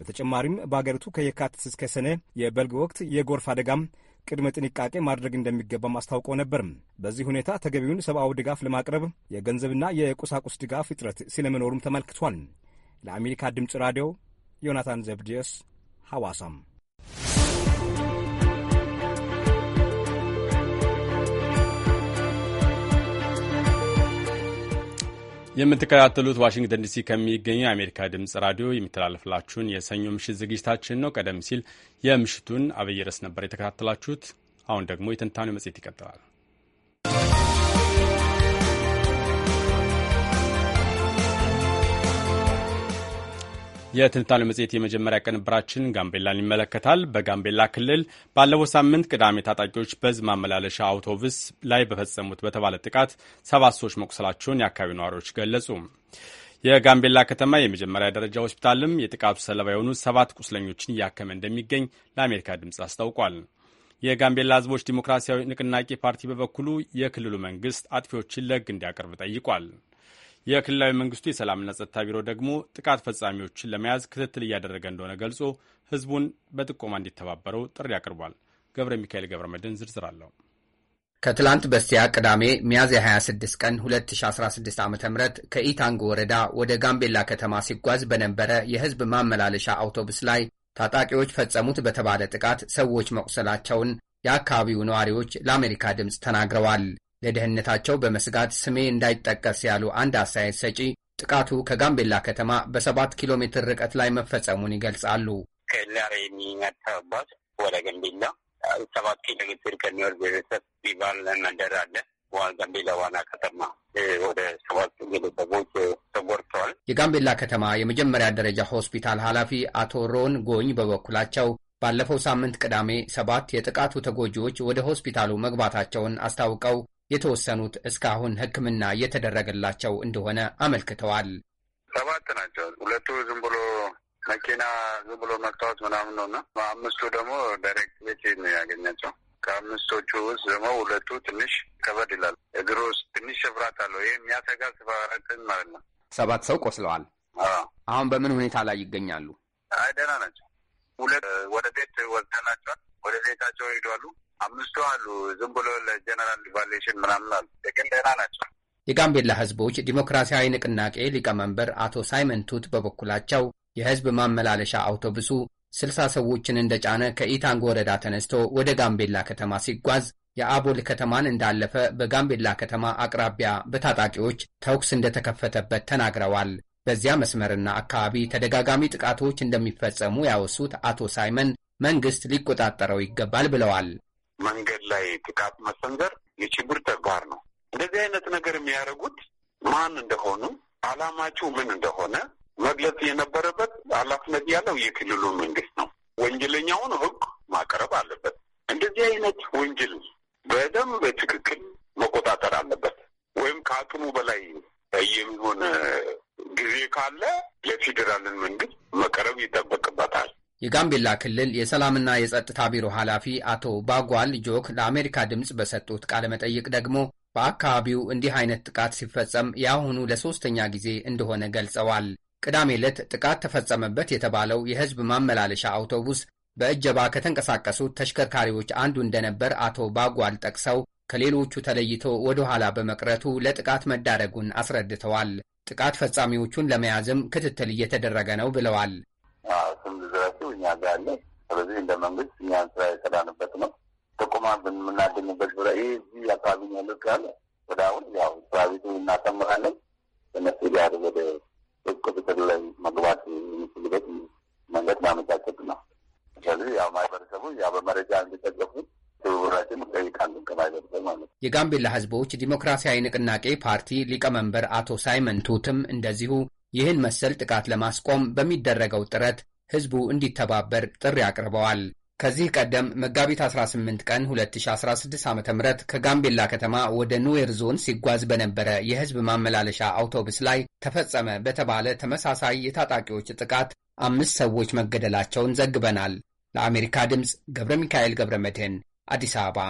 በተጨማሪም በአገሪቱ ከየካቲት እስከ ሰኔ የበልግ ወቅት የጎርፍ አደጋም ቅድመ ጥንቃቄ ማድረግ እንደሚገባም አስታውቆ ነበር። በዚህ ሁኔታ ተገቢውን ሰብአዊ ድጋፍ ለማቅረብ የገንዘብና የቁሳቁስ ድጋፍ እጥረት ስለመኖሩም ተመልክቷል። ለአሜሪካ ድምፅ ራዲዮ ዮናታን ዘብድየስ ሐዋሳም የምትከታተሉት ዋሽንግተን ዲሲ ከሚገኘው የአሜሪካ ድምፅ ራዲዮ የሚተላለፍላችሁን የሰኞ ምሽት ዝግጅታችን ነው። ቀደም ሲል የምሽቱን አብይ ርዕስ ነበር የተከታተላችሁት። አሁን ደግሞ የትንታኔው መጽሔት ይቀጥላል። የትንታኔ መጽሔት የመጀመሪያ ቅንብራችን ጋምቤላን ይመለከታል። በጋምቤላ ክልል ባለፈው ሳምንት ቅዳሜ ታጣቂዎች በሕዝብ ማመላለሻ አውቶቡስ ላይ በፈጸሙት በተባለ ጥቃት ሰባት ሰዎች መቁሰላቸውን የአካባቢው ነዋሪዎች ገለጹ። የጋምቤላ ከተማ የመጀመሪያ ደረጃ ሆስፒታልም የጥቃቱ ሰለባ የሆኑ ሰባት ቁስለኞችን እያከመ እንደሚገኝ ለአሜሪካ ድምፅ አስታውቋል። የጋምቤላ ሕዝቦች ዲሞክራሲያዊ ንቅናቄ ፓርቲ በበኩሉ የክልሉ መንግስት አጥፊዎችን ለሕግ እንዲያቀርብ ጠይቋል። የክልላዊ መንግስቱ የሰላምና ጸጥታ ቢሮ ደግሞ ጥቃት ፈጻሚዎችን ለመያዝ ክትትል እያደረገ እንደሆነ ገልጾ ህዝቡን በጥቆማ እንዲተባበረው ጥሪ አቅርቧል። ገብረ ሚካኤል ገብረ መድን ዝርዝር አለው። ከትላንት በስቲያ ቅዳሜ ሚያዝያ 26 ቀን 2016 ዓ ም ከኢታንግ ወረዳ ወደ ጋምቤላ ከተማ ሲጓዝ በነበረ የህዝብ ማመላለሻ አውቶቡስ ላይ ታጣቂዎች ፈጸሙት በተባለ ጥቃት ሰዎች መቁሰላቸውን የአካባቢው ነዋሪዎች ለአሜሪካ ድምፅ ተናግረዋል። ለደህንነታቸው በመስጋት ስሜ እንዳይጠቀስ ያሉ አንድ አስተያየት ሰጪ ጥቃቱ ከጋምቤላ ከተማ በሰባት ኪሎ ሜትር ርቀት ላይ መፈጸሙን ይገልጻሉ። ከላሬ የሚመጣባት ወደ ጋምቤላ ሰባት ኪሎ ሜትር ከኒወር ቤተሰብ ቢባል መንደር አለ። ጋምቤላ ዋና ከተማ ወደ ሰባት ቤተሰቦች ተጎድተዋል። የጋምቤላ ከተማ የመጀመሪያ ደረጃ ሆስፒታል ኃላፊ አቶ ሮን ጎኝ በበኩላቸው ባለፈው ሳምንት ቅዳሜ ሰባት የጥቃቱ ተጎጂዎች ወደ ሆስፒታሉ መግባታቸውን አስታውቀው የተወሰኑት እስካሁን ሕክምና እየተደረገላቸው እንደሆነ አመልክተዋል። ሰባት ናቸው። ሁለቱ ዝም ብሎ መኪና ዝም ብሎ መታወት ምናምን ነውና አምስቱ ደግሞ ዳይሬክት ቤት ነው ያገኛቸው። ከአምስቶቹ ውስጥ ደግሞ ሁለቱ ትንሽ ከበድ ይላል። እግር ውስጥ ትንሽ ስብራት አለው። ይህ የሚያሰጋ ስብራትን ማለት ነው። ሰባት ሰው ቆስለዋል። አሁን በምን ሁኔታ ላይ ይገኛሉ? አይ ደህና ናቸው። ሁለት ወደ ቤት ወስደናቸዋል። ወደ ቤታቸው ሄዷሉ። አምስቱ አሉ ዝም ብሎ ለጀነራል ኢቫሉዌሽን ምናምን አሉ፣ ግን ደህና ናቸው። የጋምቤላ ህዝቦች ዲሞክራሲያዊ ንቅናቄ ሊቀመንበር አቶ ሳይመን ቱት በበኩላቸው የህዝብ ማመላለሻ አውቶቡሱ ስልሳ ሰዎችን እንደጫነ ከኢታንግ ወረዳ ተነስቶ ወደ ጋምቤላ ከተማ ሲጓዝ የአቦል ከተማን እንዳለፈ በጋምቤላ ከተማ አቅራቢያ በታጣቂዎች ተኩስ እንደተከፈተበት ተናግረዋል። በዚያ መስመርና አካባቢ ተደጋጋሚ ጥቃቶች እንደሚፈጸሙ ያወሱት አቶ ሳይመን መንግስት ሊቆጣጠረው ይገባል ብለዋል። መንገድ ላይ ጥቃት መሰንዘር የችግር ተግባር ነው። እንደዚህ አይነት ነገር የሚያደርጉት ማን እንደሆኑ አላማቸው ምን እንደሆነ መግለጽ የነበረበት ኃላፊነት ያለው የክልሉ መንግስት ነው። ወንጀለኛውን ህግ ማቅረብ አለበት። እንደዚህ አይነት ወንጀል በደንብ በትክክል መቆጣጠር አለበት። ወይም ከአቅሙ በላይ የሚሆን ጊዜ ካለ የፌዴራልን መንግስት መቅረብ ይጠበቅበታል። የጋምቤላ ክልል የሰላምና የጸጥታ ቢሮ ኃላፊ አቶ ባጓል ጆክ ለአሜሪካ ድምፅ በሰጡት ቃለ መጠይቅ ደግሞ በአካባቢው እንዲህ አይነት ጥቃት ሲፈጸም የአሁኑ ለሶስተኛ ጊዜ እንደሆነ ገልጸዋል። ቅዳሜ ዕለት ጥቃት ተፈጸመበት የተባለው የሕዝብ ማመላለሻ አውቶቡስ በእጀባ ከተንቀሳቀሱት ተሽከርካሪዎች አንዱ እንደነበር አቶ ባጓል ጠቅሰው ከሌሎቹ ተለይቶ ወደ ኋላ በመቅረቱ ለጥቃት መዳረጉን አስረድተዋል። ጥቃት ፈጻሚዎቹን ለመያዝም ክትትል እየተደረገ ነው ብለዋል። ስም ዝርዝራቸው እኛ ጋር አለ። ስለዚህ እንደ መንግስት እኛ ስራ የሰራንበት ነው። ጥቁማ የምናገኝበት ብረ ይህ እዚህ አካባቢ ያሉት ካለ ወደ አሁን ያው ስራ ቤቱ እናሰምራለን። እነሱ ጋር ወደ ጥቅ ላይ መግባት የሚችልበት መንገድ ማመቻቸት ነው። ስለዚህ ያው ማህበረሰቡ ያው በመረጃ እንዲጠቀፉ ትብብራችን ይጠይቃሉ። ከማህበረሰብ ማለት ነው። የጋምቤላ ህዝቦች ዲሞክራሲያዊ ንቅናቄ ፓርቲ ሊቀመንበር አቶ ሳይመን ቱትም እንደዚሁ ይህን መሰል ጥቃት ለማስቆም በሚደረገው ጥረት ህዝቡ እንዲተባበር ጥሪ አቅርበዋል። ከዚህ ቀደም መጋቢት 18 ቀን 2016 ዓ ም ከጋምቤላ ከተማ ወደ ኑዌር ዞን ሲጓዝ በነበረ የህዝብ ማመላለሻ አውቶቡስ ላይ ተፈጸመ በተባለ ተመሳሳይ የታጣቂዎች ጥቃት አምስት ሰዎች መገደላቸውን ዘግበናል። ለአሜሪካ ድምፅ ገብረ ሚካኤል ገብረ መድህን አዲስ አበባ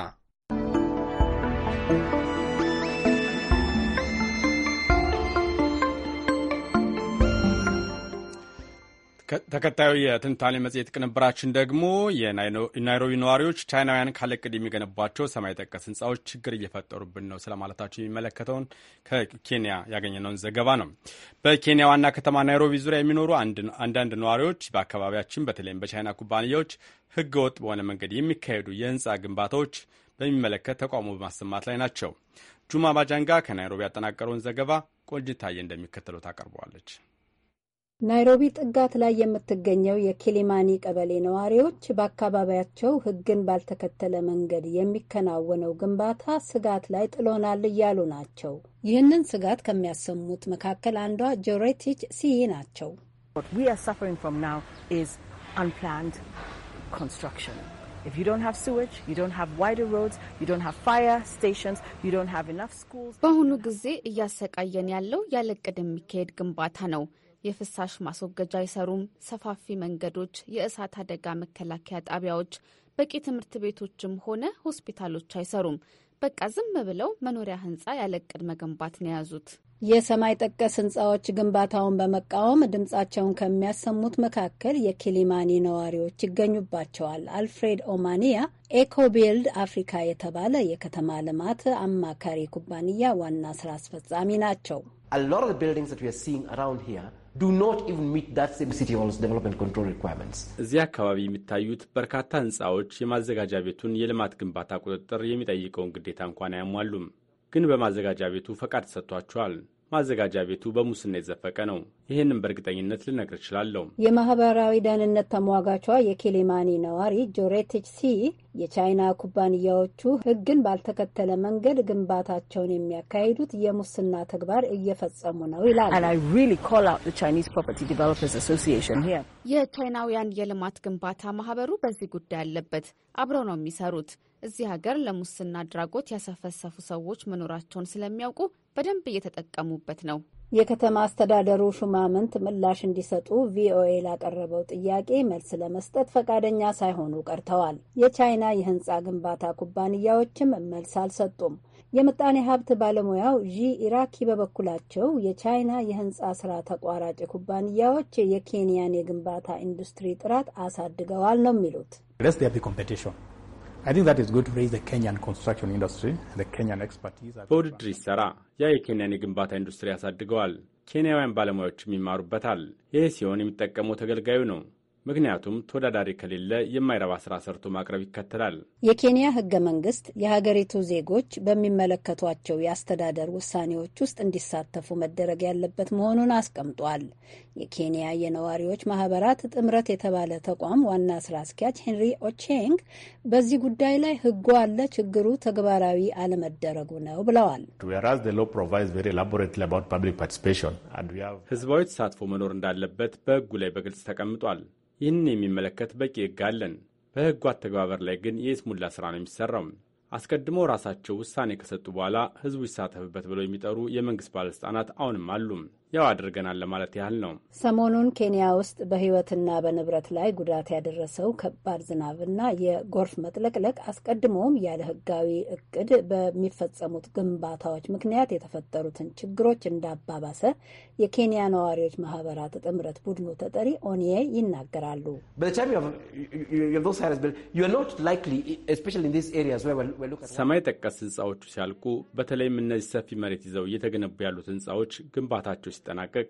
ተከታዩ የትንታኔ መጽሔት ቅንብራችን ደግሞ የናይሮቢ ነዋሪዎች ቻይናውያን ካለቅድ የሚገነቧቸው ሰማይ ጠቀስ ህንፃዎች ችግር እየፈጠሩብን ነው ስለማለታቸው የሚመለከተውን ከኬንያ ያገኘነውን ዘገባ ነው። በኬንያ ዋና ከተማ ናይሮቢ ዙሪያ የሚኖሩ አንዳንድ ነዋሪዎች በአካባቢያችን በተለይም በቻይና ኩባንያዎች ህገ ወጥ በሆነ መንገድ የሚካሄዱ የህንፃ ግንባታዎች በሚመለከት ተቃውሞ በማሰማት ላይ ናቸው። ጁማ ባጃንጋ ከናይሮቢ ያጠናቀረውን ዘገባ ቆንጅታዬ እንደሚከተለው ታቀርበዋለች። ናይሮቢ ጥጋት ላይ የምትገኘው የኪሊማኒ ቀበሌ ነዋሪዎች በአካባቢያቸው ሕግን ባልተከተለ መንገድ የሚከናወነው ግንባታ ስጋት ላይ ጥሎናል እያሉ ናቸው። ይህንን ስጋት ከሚያሰሙት መካከል አንዷ ጆሬቲች ሲይ ናቸው። በአሁኑ ጊዜ እያሰቃየን ያለው ያለ የሚካሄድ ግንባታ ነው። የፍሳሽ ማስወገጃ አይሰሩም፣ ሰፋፊ መንገዶች፣ የእሳት አደጋ መከላከያ ጣቢያዎች፣ በቂ ትምህርት ቤቶችም ሆነ ሆስፒታሎች አይሰሩም። በቃ ዝም ብለው መኖሪያ ህንፃ ያለ ቅድመ ግንባት ነው የያዙት። የሰማይ ጠቀስ ህንፃዎች ግንባታውን በመቃወም ድምፃቸውን ከሚያሰሙት መካከል የኪሊማኒ ነዋሪዎች ይገኙባቸዋል። አልፍሬድ ኦማኒያ ኤኮቢልድ አፍሪካ የተባለ የከተማ ልማት አማካሪ ኩባንያ ዋና ስራ አስፈጻሚ ናቸው። እዚህ አካባቢ የሚታዩት በርካታ ህንፃዎች የማዘጋጃ ቤቱን የልማት ግንባታ ቁጥጥር የሚጠይቀውን ግዴታ እንኳን አያሟሉም። ግን በማዘጋጃ ቤቱ ፈቃድ ተሰጥቷቸዋል። ማዘጋጃ ቤቱ በሙስና የዘፈቀ ነው። ይህንም በእርግጠኝነት ልነግር እችላለሁ። የማህበራዊ ደህንነት ተሟጋቿ የኬሌማኒ ነዋሪ ጆሬቴች ሲ የቻይና ኩባንያዎቹ ሕግን ባልተከተለ መንገድ ግንባታቸውን የሚያካሂዱት የሙስና ተግባር እየፈጸሙ ነው ይላል። የቻይናውያን የልማት ግንባታ ማህበሩ በዚህ ጉዳይ አለበት። አብረው ነው የሚሰሩት። እዚህ ሀገር ለሙስና አድራጎት ያሰፈሰፉ ሰዎች መኖራቸውን ስለሚያውቁ በደንብ እየተጠቀሙበት ነው። የከተማ አስተዳደሩ ሹማምንት ምላሽ እንዲሰጡ ቪኦኤ ላቀረበው ጥያቄ መልስ ለመስጠት ፈቃደኛ ሳይሆኑ ቀርተዋል። የቻይና የህንፃ ግንባታ ኩባንያዎችም መልስ አልሰጡም። የምጣኔ ሀብት ባለሙያው ዢ ኢራኪ በበኩላቸው የቻይና የህንፃ ስራ ተቋራጭ ኩባንያዎች የኬንያን የግንባታ ኢንዱስትሪ ጥራት አሳድገዋል ነው የሚሉት በውድድር ይሰራ። ያ የኬንያን የግንባታ ኢንዱስትሪ ያሳድገዋል። ኬንያውያን ባለሙያዎችም ይማሩበታል። ይህ ሲሆን የሚጠቀመው ተገልጋዩ ነው። ምክንያቱም ተወዳዳሪ ከሌለ የማይረባ ስራ ሰርቶ ማቅረብ ይከተላል። የኬንያ ህገ መንግስት የሀገሪቱ ዜጎች በሚመለከቷቸው የአስተዳደር ውሳኔዎች ውስጥ እንዲሳተፉ መደረግ ያለበት መሆኑን አስቀምጧል። የኬንያ የነዋሪዎች ማህበራት ጥምረት የተባለ ተቋም ዋና ስራ አስኪያጅ ሄንሪ ኦቼንግ በዚህ ጉዳይ ላይ ህጉ አለ፣ ችግሩ ተግባራዊ አለመደረጉ ነው ብለዋል። ህዝባዊ ተሳትፎ መኖር እንዳለበት በህጉ ላይ በግልጽ ተቀምጧል። ይህንን የሚመለከት በቂ ሕግ አለን። በሕጉ አተገባበር ላይ ግን የይስሙላ ሥራ ነው የሚሠራው። አስቀድሞ ራሳቸው ውሳኔ ከሰጡ በኋላ ሕዝቡ ይሳተፍበት ብለው የሚጠሩ የመንግሥት ባለሥልጣናት አሁንም አሉ። ያው አድርገናል ለማለት ያህል ነው። ሰሞኑን ኬንያ ውስጥ በሕይወትና በንብረት ላይ ጉዳት ያደረሰው ከባድ ዝናብና የጎርፍ መጥለቅለቅ አስቀድሞም ያለ ሕጋዊ እቅድ በሚፈጸሙት ግንባታዎች ምክንያት የተፈጠሩትን ችግሮች እንዳባባሰ የኬንያ ነዋሪዎች ማህበራት ጥምረት ቡድኑ ተጠሪ ኦኒዬ ይናገራሉ። ሰማይ ጠቀስ ህንፃዎቹ ሲያልቁ፣ በተለይም እነዚህ ሰፊ መሬት ይዘው እየተገነቡ ያሉት ህንፃዎች ግንባታቸው ሲጠናቀቅ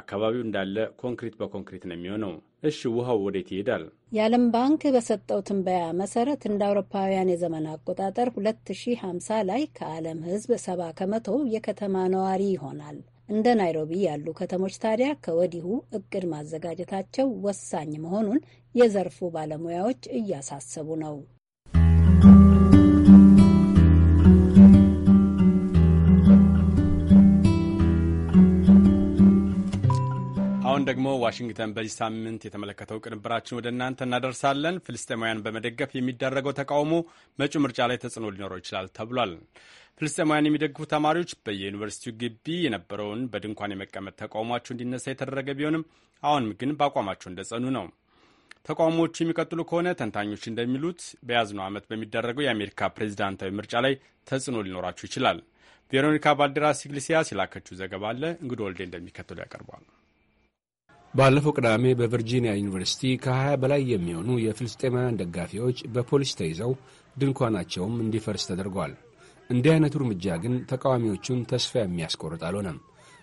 አካባቢው እንዳለ ኮንክሪት በኮንክሪት ነው የሚሆነው። እሺ ውሃው ወዴት ይሄዳል? የዓለም ባንክ በሰጠው ትንበያ መሰረት እንደ አውሮፓውያን የዘመን አቆጣጠር 2050 ላይ ከዓለም ሕዝብ ሰባ ከመቶ የከተማ ነዋሪ ይሆናል። እንደ ናይሮቢ ያሉ ከተሞች ታዲያ ከወዲሁ እቅድ ማዘጋጀታቸው ወሳኝ መሆኑን የዘርፉ ባለሙያዎች እያሳሰቡ ነው። አሁን ደግሞ ዋሽንግተን በዚህ ሳምንት የተመለከተው ቅንብራችን ወደ እናንተ እናደርሳለን። ፍልስጤማውያን በመደገፍ የሚደረገው ተቃውሞ መጪው ምርጫ ላይ ተጽዕኖ ሊኖረው ይችላል ተብሏል። ፍልስጤማውያን የሚደግፉ ተማሪዎች በየዩኒቨርሲቲው ግቢ የነበረውን በድንኳን የመቀመጥ ተቃውሟቸው እንዲነሳ የተደረገ ቢሆንም አሁንም ግን በአቋማቸው እንደጸኑ ነው። ተቃውሞዎቹ የሚቀጥሉ ከሆነ ተንታኞች እንደሚሉት በያዝነው ዓመት በሚደረገው የአሜሪካ ፕሬዚዳንታዊ ምርጫ ላይ ተጽዕኖ ሊኖራቸው ይችላል። ቬሮኒካ ባልዴራስ ኢግሊሲያስ የላከችው ዘገባ አለ እንግዶ ወልዴ እንደሚከተሉ ያቀርበዋል። ባለፈው ቅዳሜ በቨርጂኒያ ዩኒቨርሲቲ ከ20 በላይ የሚሆኑ የፍልስጤማውያን ደጋፊዎች በፖሊስ ተይዘው ድንኳናቸውም እንዲፈርስ ተደርጓል። እንዲህ አይነቱ እርምጃ ግን ተቃዋሚዎቹን ተስፋ የሚያስቆርጥ አልሆነም።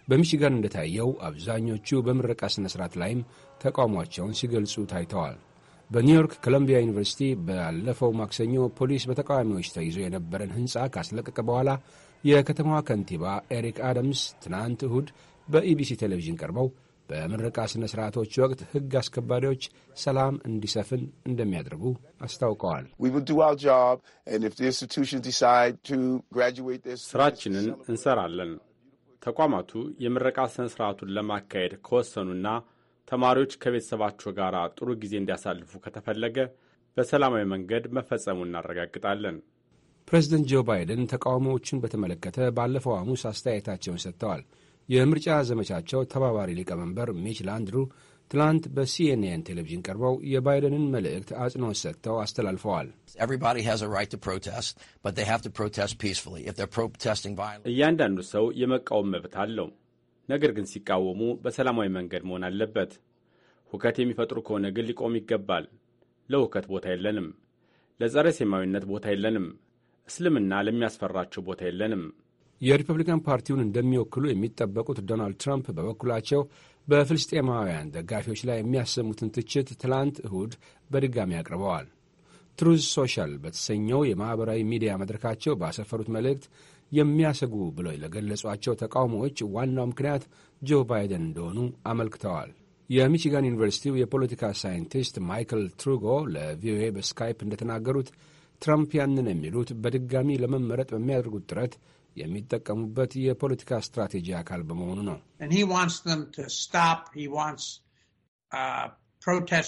በሚሽጋን እንደታየው አብዛኞቹ በምረቃ ሥነ ሥርዓት ላይም ተቃውሟቸውን ሲገልጹ ታይተዋል። በኒውዮርክ ኮሎምቢያ ዩኒቨርሲቲ ባለፈው ማክሰኞ ፖሊስ በተቃዋሚዎች ተይዞ የነበረን ሕንፃ ካስለቀቀ በኋላ የከተማዋ ከንቲባ ኤሪክ አደምስ ትናንት እሁድ በኢቢሲ ቴሌቪዥን ቀርበው በምረቃ ሥነ ሥርዓቶች ወቅት ሕግ አስከባሪዎች ሰላም እንዲሰፍን እንደሚያደርጉ አስታውቀዋል። ሥራችንን እንሰራለን። ተቋማቱ የምረቃ ሥነ ሥርዓቱን ለማካሄድ ከወሰኑና ተማሪዎች ከቤተሰባቸው ጋር ጥሩ ጊዜ እንዲያሳልፉ ከተፈለገ በሰላማዊ መንገድ መፈጸሙ እናረጋግጣለን። ፕሬዝደንት ጆ ባይደን ተቃውሞዎቹን በተመለከተ ባለፈው ሐሙስ አስተያየታቸውን ሰጥተዋል። የምርጫ ዘመቻቸው ተባባሪ ሊቀመንበር ሚች ላንድሩ ትላንት በሲኤንኤን ቴሌቪዥን ቀርበው የባይደንን መልእክት አጽንኦት ሰጥተው አስተላልፈዋል። እያንዳንዱ ሰው የመቃወም መብት አለው። ነገር ግን ሲቃወሙ በሰላማዊ መንገድ መሆን አለበት። ሁከት የሚፈጥሩ ከሆነ ግን ሊቆም ይገባል። ለሁከት ቦታ የለንም። ለጸረ ሴማዊነት ቦታ የለንም። እስልምና ለሚያስፈራቸው ቦታ የለንም። የሪፐብሊካን ፓርቲውን እንደሚወክሉ የሚጠበቁት ዶናልድ ትራምፕ በበኩላቸው በፍልስጤማውያን ደጋፊዎች ላይ የሚያሰሙትን ትችት ትላንት እሁድ በድጋሚ አቅርበዋል። ትሩዝ ሶሻል በተሰኘው የማኅበራዊ ሚዲያ መድረካቸው ባሰፈሩት መልእክት የሚያሰጉ ብለው ለገለጿቸው ተቃውሞዎች ዋናው ምክንያት ጆ ባይደን እንደሆኑ አመልክተዋል። የሚቺጋን ዩኒቨርሲቲው የፖለቲካ ሳይንቲስት ማይክል ትሩጎ ለቪኦኤ በስካይፕ እንደተናገሩት ትራምፕ ያንን የሚሉት በድጋሚ ለመመረጥ በሚያደርጉት ጥረት የሚጠቀሙበት የፖለቲካ ስትራቴጂ አካል በመሆኑ ነው። uh, uh,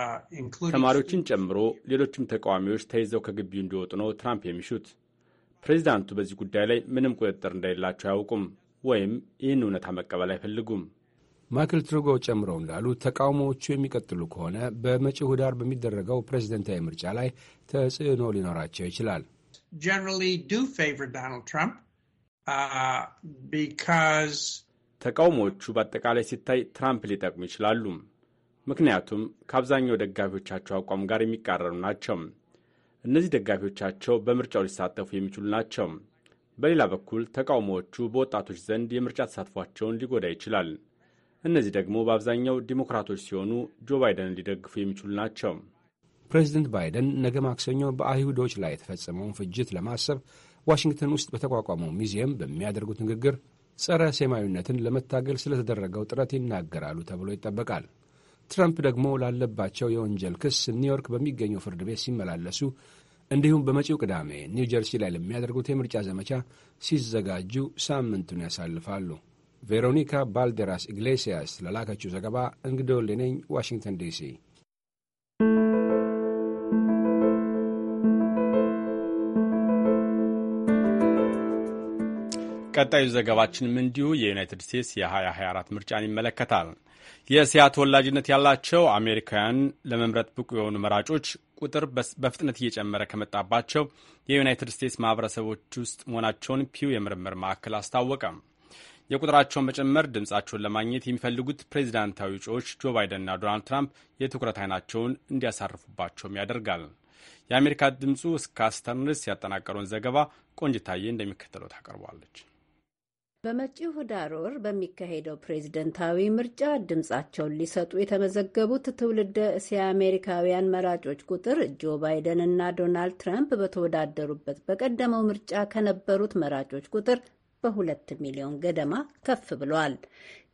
uh, ተማሪዎችን ጨምሮ ሌሎችም ተቃዋሚዎች ተይዘው ከግቢው እንዲወጡ ነው ትራምፕ የሚሹት። ፕሬዚዳንቱ በዚህ ጉዳይ ላይ ምንም ቁጥጥር እንደሌላቸው አያውቁም ወይም ይህን እውነታ መቀበል አይፈልጉም። ማይክል ትሩጎ ጨምረው እንዳሉ ተቃውሞዎቹ የሚቀጥሉ ከሆነ በመጪው ህዳር በሚደረገው ፕሬዝደንታዊ ምርጫ ላይ ተጽዕኖ ሊኖራቸው ይችላል። generally do favor Donald Trump uh, because ተቃውሞዎቹ በአጠቃላይ ሲታይ ትራምፕ ሊጠቅሙ ይችላሉ፣ ምክንያቱም ከአብዛኛው ደጋፊዎቻቸው አቋም ጋር የሚቃረኑ ናቸው። እነዚህ ደጋፊዎቻቸው በምርጫው ሊሳተፉ የሚችሉ ናቸው። በሌላ በኩል ተቃውሞዎቹ በወጣቶች ዘንድ የምርጫ ተሳትፏቸውን ሊጎዳ ይችላል። እነዚህ ደግሞ በአብዛኛው ዲሞክራቶች ሲሆኑ ጆ ባይደንን ሊደግፉ የሚችሉ ናቸው። ፕሬዚደንት ባይደን ነገ ማክሰኞ በአይሁዶች ላይ የተፈጸመውን ፍጅት ለማሰብ ዋሽንግተን ውስጥ በተቋቋመው ሙዚየም በሚያደርጉት ንግግር ጸረ ሴማዊነትን ለመታገል ስለተደረገው ጥረት ይናገራሉ ተብሎ ይጠበቃል። ትራምፕ ደግሞ ላለባቸው የወንጀል ክስ ኒውዮርክ በሚገኘው ፍርድ ቤት ሲመላለሱ እንዲሁም በመጪው ቅዳሜ ኒውጀርሲ ላይ ለሚያደርጉት የምርጫ ዘመቻ ሲዘጋጁ ሳምንቱን ያሳልፋሉ። ቬሮኒካ ባልዴራስ ኢግሌሲያስ ለላከችው ዘገባ እንግዶ ሌነኝ ዋሽንግተን ዲሲ ቀጣዩ ዘገባችንም እንዲሁ የዩናይትድ ስቴትስ የ2024 ምርጫን ይመለከታል። የእስያ ተወላጅነት ያላቸው አሜሪካውያን ለመምረጥ ብቁ የሆኑ መራጮች ቁጥር በፍጥነት እየጨመረ ከመጣባቸው የዩናይትድ ስቴትስ ማህበረሰቦች ውስጥ መሆናቸውን ፒው የምርምር ማዕከል አስታወቀም። የቁጥራቸውን መጨመር ድምፃቸውን ለማግኘት የሚፈልጉት ፕሬዚዳንታዊ እጩዎች ጆ ባይደንና ዶናልድ ትራምፕ የትኩረት አይናቸውን እንዲያሳርፉባቸውም ያደርጋል። የአሜሪካ ድምፁ እስከ አስተርንስ ያጠናቀረውን ዘገባ ቆንጅታዬ እንደሚከተለው ታቀርቧለች። በመጪው ህዳር ወር በሚካሄደው ፕሬዝደንታዊ ምርጫ ድምፃቸውን ሊሰጡ የተመዘገቡት ትውልደ እስያ አሜሪካውያን መራጮች ቁጥር ጆ ባይደን እና ዶናልድ ትራምፕ በተወዳደሩበት በቀደመው ምርጫ ከነበሩት መራጮች ቁጥር በሁለት ሚሊዮን ገደማ ከፍ ብሏል።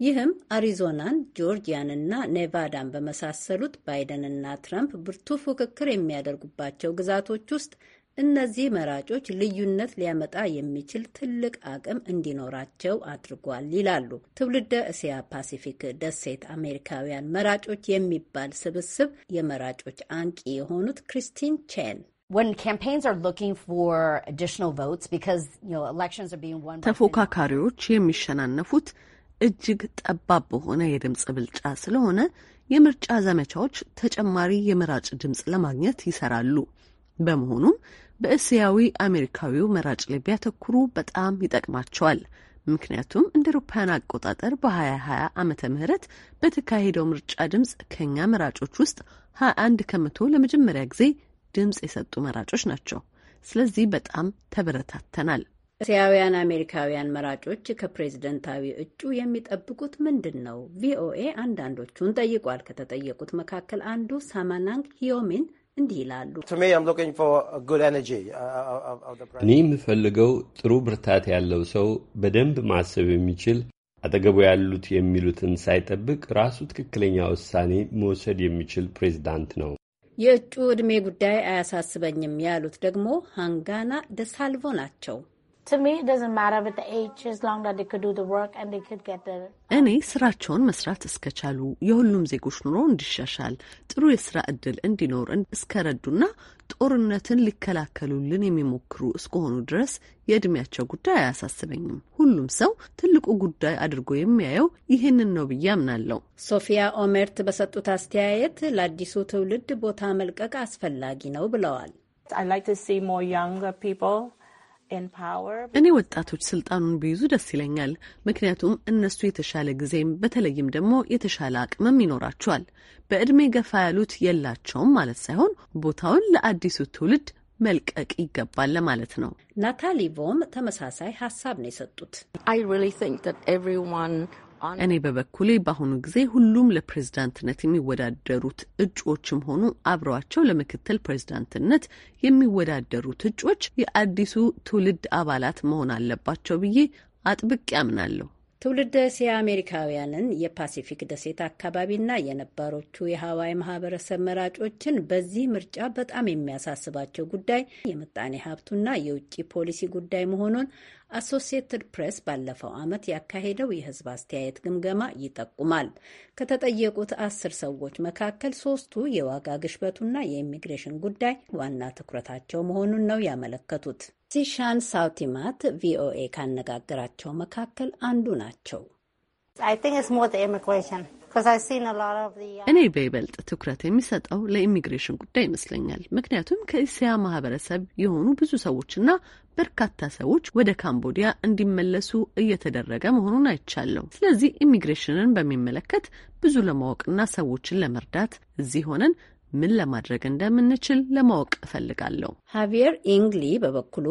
ይህም አሪዞናን፣ ጆርጂያንና ኔቫዳን በመሳሰሉት ባይደንና ትራምፕ ብርቱ ፉክክር የሚያደርጉባቸው ግዛቶች ውስጥ እነዚህ መራጮች ልዩነት ሊያመጣ የሚችል ትልቅ አቅም እንዲኖራቸው አድርጓል ይላሉ ትውልደ እስያ ፓሲፊክ ደሴት አሜሪካውያን መራጮች የሚባል ስብስብ የመራጮች አንቂ የሆኑት ክሪስቲን ቼን። ተፎካካሪዎች የሚሸናነፉት እጅግ ጠባብ በሆነ የድምፅ ብልጫ ስለሆነ የምርጫ ዘመቻዎች ተጨማሪ የመራጭ ድምፅ ለማግኘት ይሰራሉ። በመሆኑም በእስያዊ አሜሪካዊው መራጭ ላይ ቢያተኩሩ በጣም ይጠቅማቸዋል። ምክንያቱም እንደ አውሮፓውያን አቆጣጠር በ2020 ዓመተ ምህረት በተካሄደው ምርጫ ድምፅ ከኛ መራጮች ውስጥ 21 ከመቶ ለመጀመሪያ ጊዜ ድምፅ የሰጡ መራጮች ናቸው። ስለዚህ በጣም ተበረታተናል። እስያውያን አሜሪካውያን መራጮች ከፕሬዝደንታዊ እጩ የሚጠብቁት ምንድን ነው? ቪኦኤ አንዳንዶቹን ጠይቋል። ከተጠየቁት መካከል አንዱ ሳማናንግ ሂዮሚን እንዲህ ይላሉ። uh, uh, እኔ የምፈልገው ጥሩ ብርታት ያለው ሰው በደንብ ማሰብ የሚችል አጠገቡ ያሉት የሚሉትን ሳይጠብቅ ራሱ ትክክለኛ ውሳኔ መውሰድ የሚችል ፕሬዚዳንት ነው። የእጩ ዕድሜ ጉዳይ አያሳስበኝም ያሉት ደግሞ ሃንጋና ደሳልቮ ናቸው። እኔ ስራቸውን መስራት እስከቻሉ የሁሉም ዜጎች ኑሮ እንዲሻሻል ጥሩ የስራ እድል እንዲኖር እስከረዱና ጦርነትን ሊከላከሉልን የሚሞክሩ እስከሆኑ ድረስ የእድሜያቸው ጉዳይ አያሳስበኝም። ሁሉም ሰው ትልቁ ጉዳይ አድርጎ የሚያየው ይህንን ነው ብዬ አምናለሁ። ሶፊያ ኦሜርት በሰጡት አስተያየት ለአዲሱ ትውልድ ቦታ መልቀቅ አስፈላጊ ነው ብለዋል። እኔ ወጣቶች ስልጣኑን ቢይዙ ደስ ይለኛል። ምክንያቱም እነሱ የተሻለ ጊዜም በተለይም ደግሞ የተሻለ አቅምም ይኖራቸዋል። በእድሜ ገፋ ያሉት የላቸውም ማለት ሳይሆን ቦታውን ለአዲሱ ትውልድ መልቀቅ ይገባል ለማለት ነው። ናታሊ ቮም ተመሳሳይ ሀሳብ ነው የሰጡት። እኔ በበኩሌ በአሁኑ ጊዜ ሁሉም ለፕሬዝዳንትነት የሚወዳደሩት እጩዎችም ሆኑ አብረዋቸው ለምክትል ፕሬዝዳንትነት የሚወዳደሩት እጩዎች የአዲሱ ትውልድ አባላት መሆን አለባቸው ብዬ አጥብቄ አምናለሁ። ትውልደ እስያ አሜሪካውያንን የፓሲፊክ ደሴት አካባቢና የነባሮቹ የሀዋይ ማህበረሰብ መራጮችን በዚህ ምርጫ በጣም የሚያሳስባቸው ጉዳይ የምጣኔ ሀብቱና የውጭ ፖሊሲ ጉዳይ መሆኑን አሶሲየትድ ፕሬስ ባለፈው ዓመት ያካሄደው የህዝብ አስተያየት ግምገማ ይጠቁማል። ከተጠየቁት አስር ሰዎች መካከል ሶስቱ የዋጋ ግሽበቱና የኢሚግሬሽን ጉዳይ ዋና ትኩረታቸው መሆኑን ነው ያመለከቱት። ቲሻን ሳውቲማት ቪኦኤ ካነጋገራቸው መካከል አንዱ ናቸው። uh, እኔ በይበልጥ ትኩረት የሚሰጠው ለኢሚግሬሽን ጉዳይ ይመስለኛል። ምክንያቱም ከእስያ ማህበረሰብ የሆኑ ብዙ ሰዎችና በርካታ ሰዎች ወደ ካምቦዲያ እንዲመለሱ እየተደረገ መሆኑን አይቻለሁ። ስለዚህ ኢሚግሬሽንን በሚመለከት ብዙ ለማወቅና ሰዎችን ለመርዳት እዚህ ሆነን ምን ለማድረግ እንደምንችል ለማወቅ እፈልጋለሁ። ሃቪየር ኢንግሊ በበኩሉ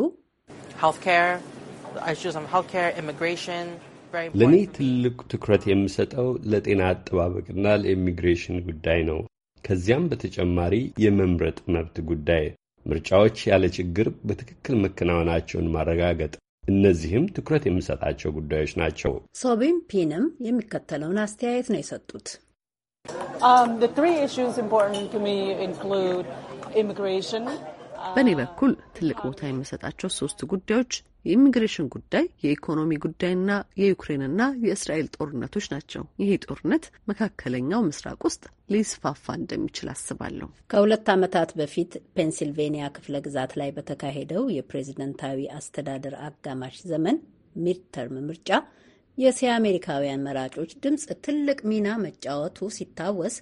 ለእኔ ትልቅ ትኩረት የምሰጠው ለጤና አጠባበቅና ለኢሚግሬሽን ጉዳይ ነው። ከዚያም በተጨማሪ የመምረጥ መብት ጉዳይ፣ ምርጫዎች ያለ ችግር በትክክል መከናወናቸውን ማረጋገጥ እነዚህም ትኩረት የምሰጣቸው ጉዳዮች ናቸው። ሶቢም ፒንም የሚከተለውን አስተያየት ነው የሰጡት። Um, uh, በእኔ በኩል ትልቅ ቦታ የሚሰጣቸው ሶስት ጉዳዮች የኢሚግሬሽን ጉዳይ፣ የኢኮኖሚ ጉዳይና የዩክሬንና የእስራኤል ጦርነቶች ናቸው። ይሄ ጦርነት መካከለኛው ምስራቅ ውስጥ ሊስፋፋ እንደሚችል አስባለሁ። ከሁለት ዓመታት በፊት ፔንሲልቬንያ ክፍለ ግዛት ላይ በተካሄደው የፕሬዝደንታዊ አስተዳደር አጋማሽ ዘመን ሚድተርም ምርጫ የሴ አሜሪካውያን መራጮች ድምፅ ትልቅ ሚና መጫወቱ ሲታወስ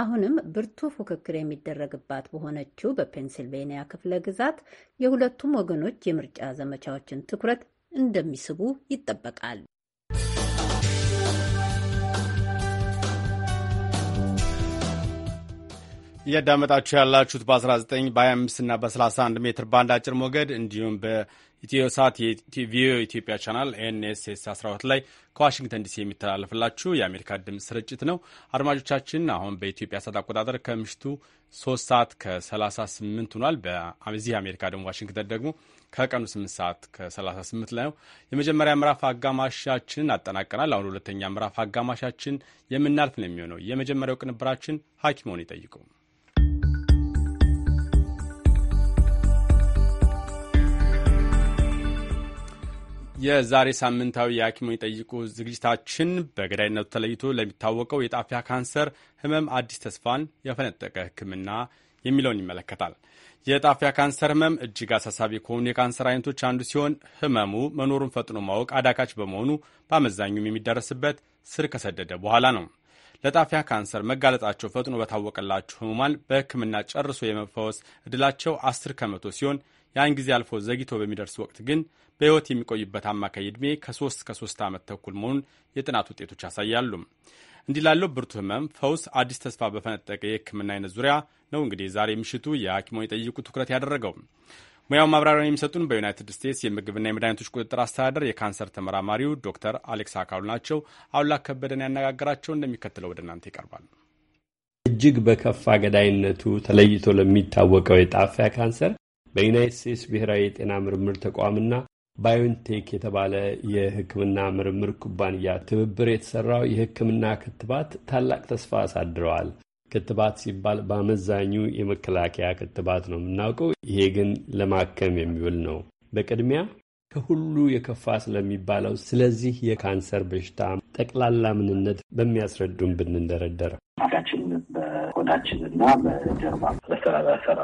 አሁንም ብርቱ ፉክክር የሚደረግባት በሆነችው በፔንሲልቬንያ ክፍለ ግዛት የሁለቱም ወገኖች የምርጫ ዘመቻዎችን ትኩረት እንደሚስቡ ይጠበቃል። እያዳመጣችሁ ያላችሁት በ19 በ25 እና በ31 ሜትር ባንድ አጭር ሞገድ እንዲሁም በ ኢትዮሳት የቪኦ ኢትዮጵያ ቻናል ኤንኤስኤስ 12 ላይ ከዋሽንግተን ዲሲ የሚተላለፍላችሁ የአሜሪካ ድምፅ ስርጭት ነው። አድማጮቻችን አሁን በኢትዮጵያ ሰዓት አቆጣጠር ከምሽቱ 3 ሰዓት ከ38 ሆኗል። በዚህ የአሜሪካ ደግሞ ዋሽንግተን ደግሞ ከቀኑ 8 ሰዓት ከ38 ላይ ነው። የመጀመሪያ ምዕራፍ አጋማሻችንን አጠናቀናል። አሁን ሁለተኛ ምዕራፍ አጋማሻችን የምናልፍ ነው የሚሆነው። የመጀመሪያው ቅንብራችን ሐኪሞን ይጠይቀው የዛሬ ሳምንታዊ የሐኪሙን ይጠይቁ ዝግጅታችን በገዳይነቱ ተለይቶ ለሚታወቀው የጣፊያ ካንሰር ህመም አዲስ ተስፋን የፈነጠቀ ህክምና የሚለውን ይመለከታል። የጣፊያ ካንሰር ህመም እጅግ አሳሳቢ ከሆኑ የካንሰር አይነቶች አንዱ ሲሆን ህመሙ መኖሩን ፈጥኖ ማወቅ አዳጋች በመሆኑ በአመዛኙም የሚደረስበት ስር ከሰደደ በኋላ ነው። ለጣፊያ ካንሰር መጋለጣቸው ፈጥኖ በታወቀላቸው ህሙማን በህክምና ጨርሶ የመፈወስ እድላቸው አስር ከመቶ ሲሆን ያን ጊዜ አልፎ ዘግይቶ በሚደርስ ወቅት ግን በሕይወት የሚቆይበት አማካይ ዕድሜ ከሶስት ከሶስት ዓመት ተኩል መሆኑን የጥናት ውጤቶች ያሳያሉ። እንዲህ ላለው ብርቱ ህመም ፈውስ አዲስ ተስፋ በፈነጠቀ የህክምና አይነት ዙሪያ ነው እንግዲህ ዛሬ ምሽቱ የሐኪሞን የጠይቁ ትኩረት ያደረገው። ሙያው ማብራሪያን የሚሰጡን በዩናይትድ ስቴትስ የምግብና የመድኃኒቶች ቁጥጥር አስተዳደር የካንሰር ተመራማሪው ዶክተር አሌክስ አካሉ ናቸው። አሉላ ከበደን ያነጋገራቸው እንደሚከተለው ወደ እናንተ ይቀርባል። እጅግ በከፋ ገዳይነቱ ተለይቶ ለሚታወቀው የጣፊያ ካንሰር በዩናይት ስቴትስ ብሔራዊ የጤና ምርምር ተቋምና ባዮንቴክ የተባለ የሕክምና ምርምር ኩባንያ ትብብር የተሰራው የሕክምና ክትባት ታላቅ ተስፋ አሳድረዋል። ክትባት ሲባል በአመዛኙ የመከላከያ ክትባት ነው የምናውቀው። ይሄ ግን ለማከም የሚውል ነው። በቅድሚያ ከሁሉ የከፋ ስለሚባለው ስለዚህ የካንሰር በሽታ ጠቅላላ ምንነት በሚያስረዱን ብንንደረደር ፊታችን በሆዳችን እና በጀርባ መሰራራ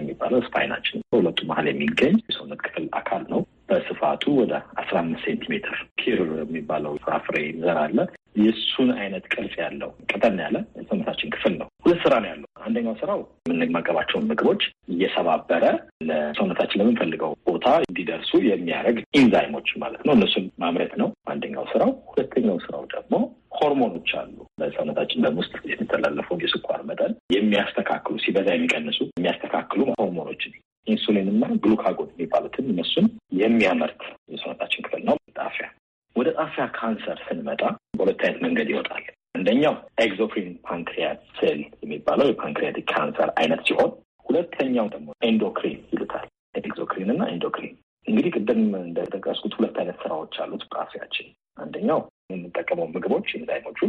የሚባለው ስፓይናችን በሁለቱ መሀል የሚገኝ የሰውነት ክፍል አካል ነው። በስፋቱ ወደ አስራ አምስት ሴንቲሜትር ኪር የሚባለው ፍራፍሬ ዘር አለ። የእሱን አይነት ቅርጽ ያለው ቀጠን ያለ የሰውነታችን ክፍል ነው። ሁለት ስራ ነው ያለው። አንደኛው ስራው የምንመገባቸውን ምግቦች እየሰባበረ ለሰውነታችን ለምንፈልገው ቦታ እንዲደርሱ የሚያደርግ ኢንዛይሞች ማለት ነው። እነሱን ማምረት ነው አንደኛው ስራው። ሁለተኛው ስራው ደግሞ ሆርሞኖች አሉ በሰውነታችን ደም ውስጥ የሚተላለፈው የስኳር መጠን የሚያስተካክሉ ሲበዛ የሚቀንሱ የሚያስተካክሉ ሆርሞኖችን ኢንሱሊን እና ግሉካጎን የሚባሉትን እነሱን የሚያመርት የሰውነታችን ክፍል ነው ጣፊያ። ወደ ጣፊያ ካንሰር ስንመጣ በሁለት አይነት መንገድ ይወጣል። አንደኛው ኤግዞክሪን ፓንክሪያት ሴል የሚባለው የፓንክሪያቲክ ካንሰር አይነት ሲሆን ሁለተኛው ደግሞ ኤንዶክሪን ይሉታል። ኤግዞክሪን እና ኤንዶክሪን እንግዲህ ቅድም እንደጠቀስኩት ሁለት አይነት ስራዎች አሉት ጣፊያችን። አንደኛው የምንጠቀመው ምግቦች ኢንዛይሞቹ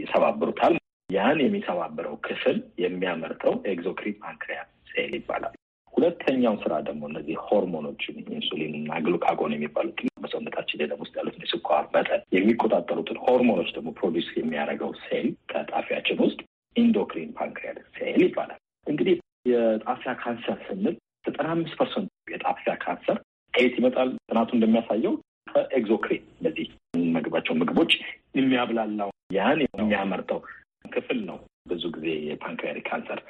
ይሰባብሩታል። ያን የሚሰባብረው ክፍል የሚያመርተው ኤግዞክሪን ፓንክሪያት ሴል ይባላል። ሁለተኛው ስራ ደግሞ እነዚህ ሆርሞኖችን ኢንሱሊን እና ግሉካጎን የሚባሉት በሰውነታችን ደም ውስጥ ያሉት የስኳር መጠን የሚቆጣጠሩትን ሆርሞኖች ደግሞ ፕሮዲስ የሚያደርገው ሴል ከጣፊያችን ውስጥ ኢንዶክሪን ፓንክሪያስ ሴል ይባላል። እንግዲህ የጣፊያ ካንሰር ስንል ዘጠና አምስት ፐርሰንት የጣፊያ ካንሰር ከየት ይመጣል? ጥናቱ እንደሚያሳየው ከኤግዞክሪን እነዚህ የምንመግባቸው ምግቦች የሚያብላላው ያን የሚያመርተው ክፍል ነው። ብዙ ጊዜ የፓንክሪያሪ ካንሰር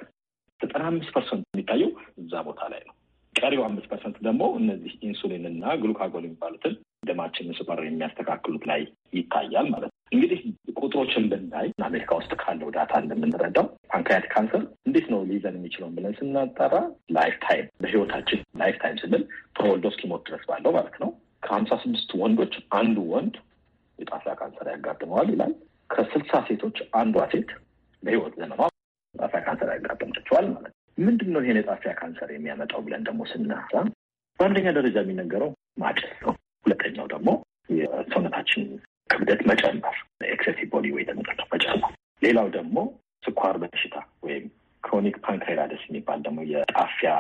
ዘጠና አምስት ፐርሰንት የሚታየው እዛ ቦታ ላይ ነው። ቀሪው አምስት ፐርሰንት ደግሞ እነዚህ ኢንሱሊን እና ግሉካጎል የሚባሉትን ደማችንን ስኳር የሚያስተካክሉት ላይ ይታያል ማለት ነው። እንግዲህ ቁጥሮችን ብናይ አሜሪካ ውስጥ ካለው ዳታ እንደምንረዳው ፓንክሪያት ካንሰር እንዴት ነው ሊይዘን የሚችለውን ብለን ስናጠራ ላይፍ ታይም በህይወታችን ላይፍ ታይም ስንል ተወልዶ እስኪሞት ድረስ ባለው ማለት ነው ከሀምሳ ስድስት ወንዶች አንዱ ወንድ የጣፊያ ካንሰር ያጋጥመዋል ይላል። ከስልሳ ሴቶች አንዷ ሴት በህይወት ዘመኗ ጣፊያ ካንሰር ያጋጥማቸዋል ማለት ነው። ምንድን ነው ይሄን የጣፊያ ካንሰር የሚያመጣው ብለን ደግሞ ስናሳ በአንደኛ ደረጃ የሚነገረው ማጨስ ነው። ሁለተኛው ደግሞ የሰውነታችን ክብደት መጨመር፣ ኤክሴሲቭ ቦዲ ተመጠጠው መጨመር። ሌላው ደግሞ ስኳር በሽታ ወይም ክሮኒክ ፓንክሬራደስ የሚባል ደግሞ የጣፊያ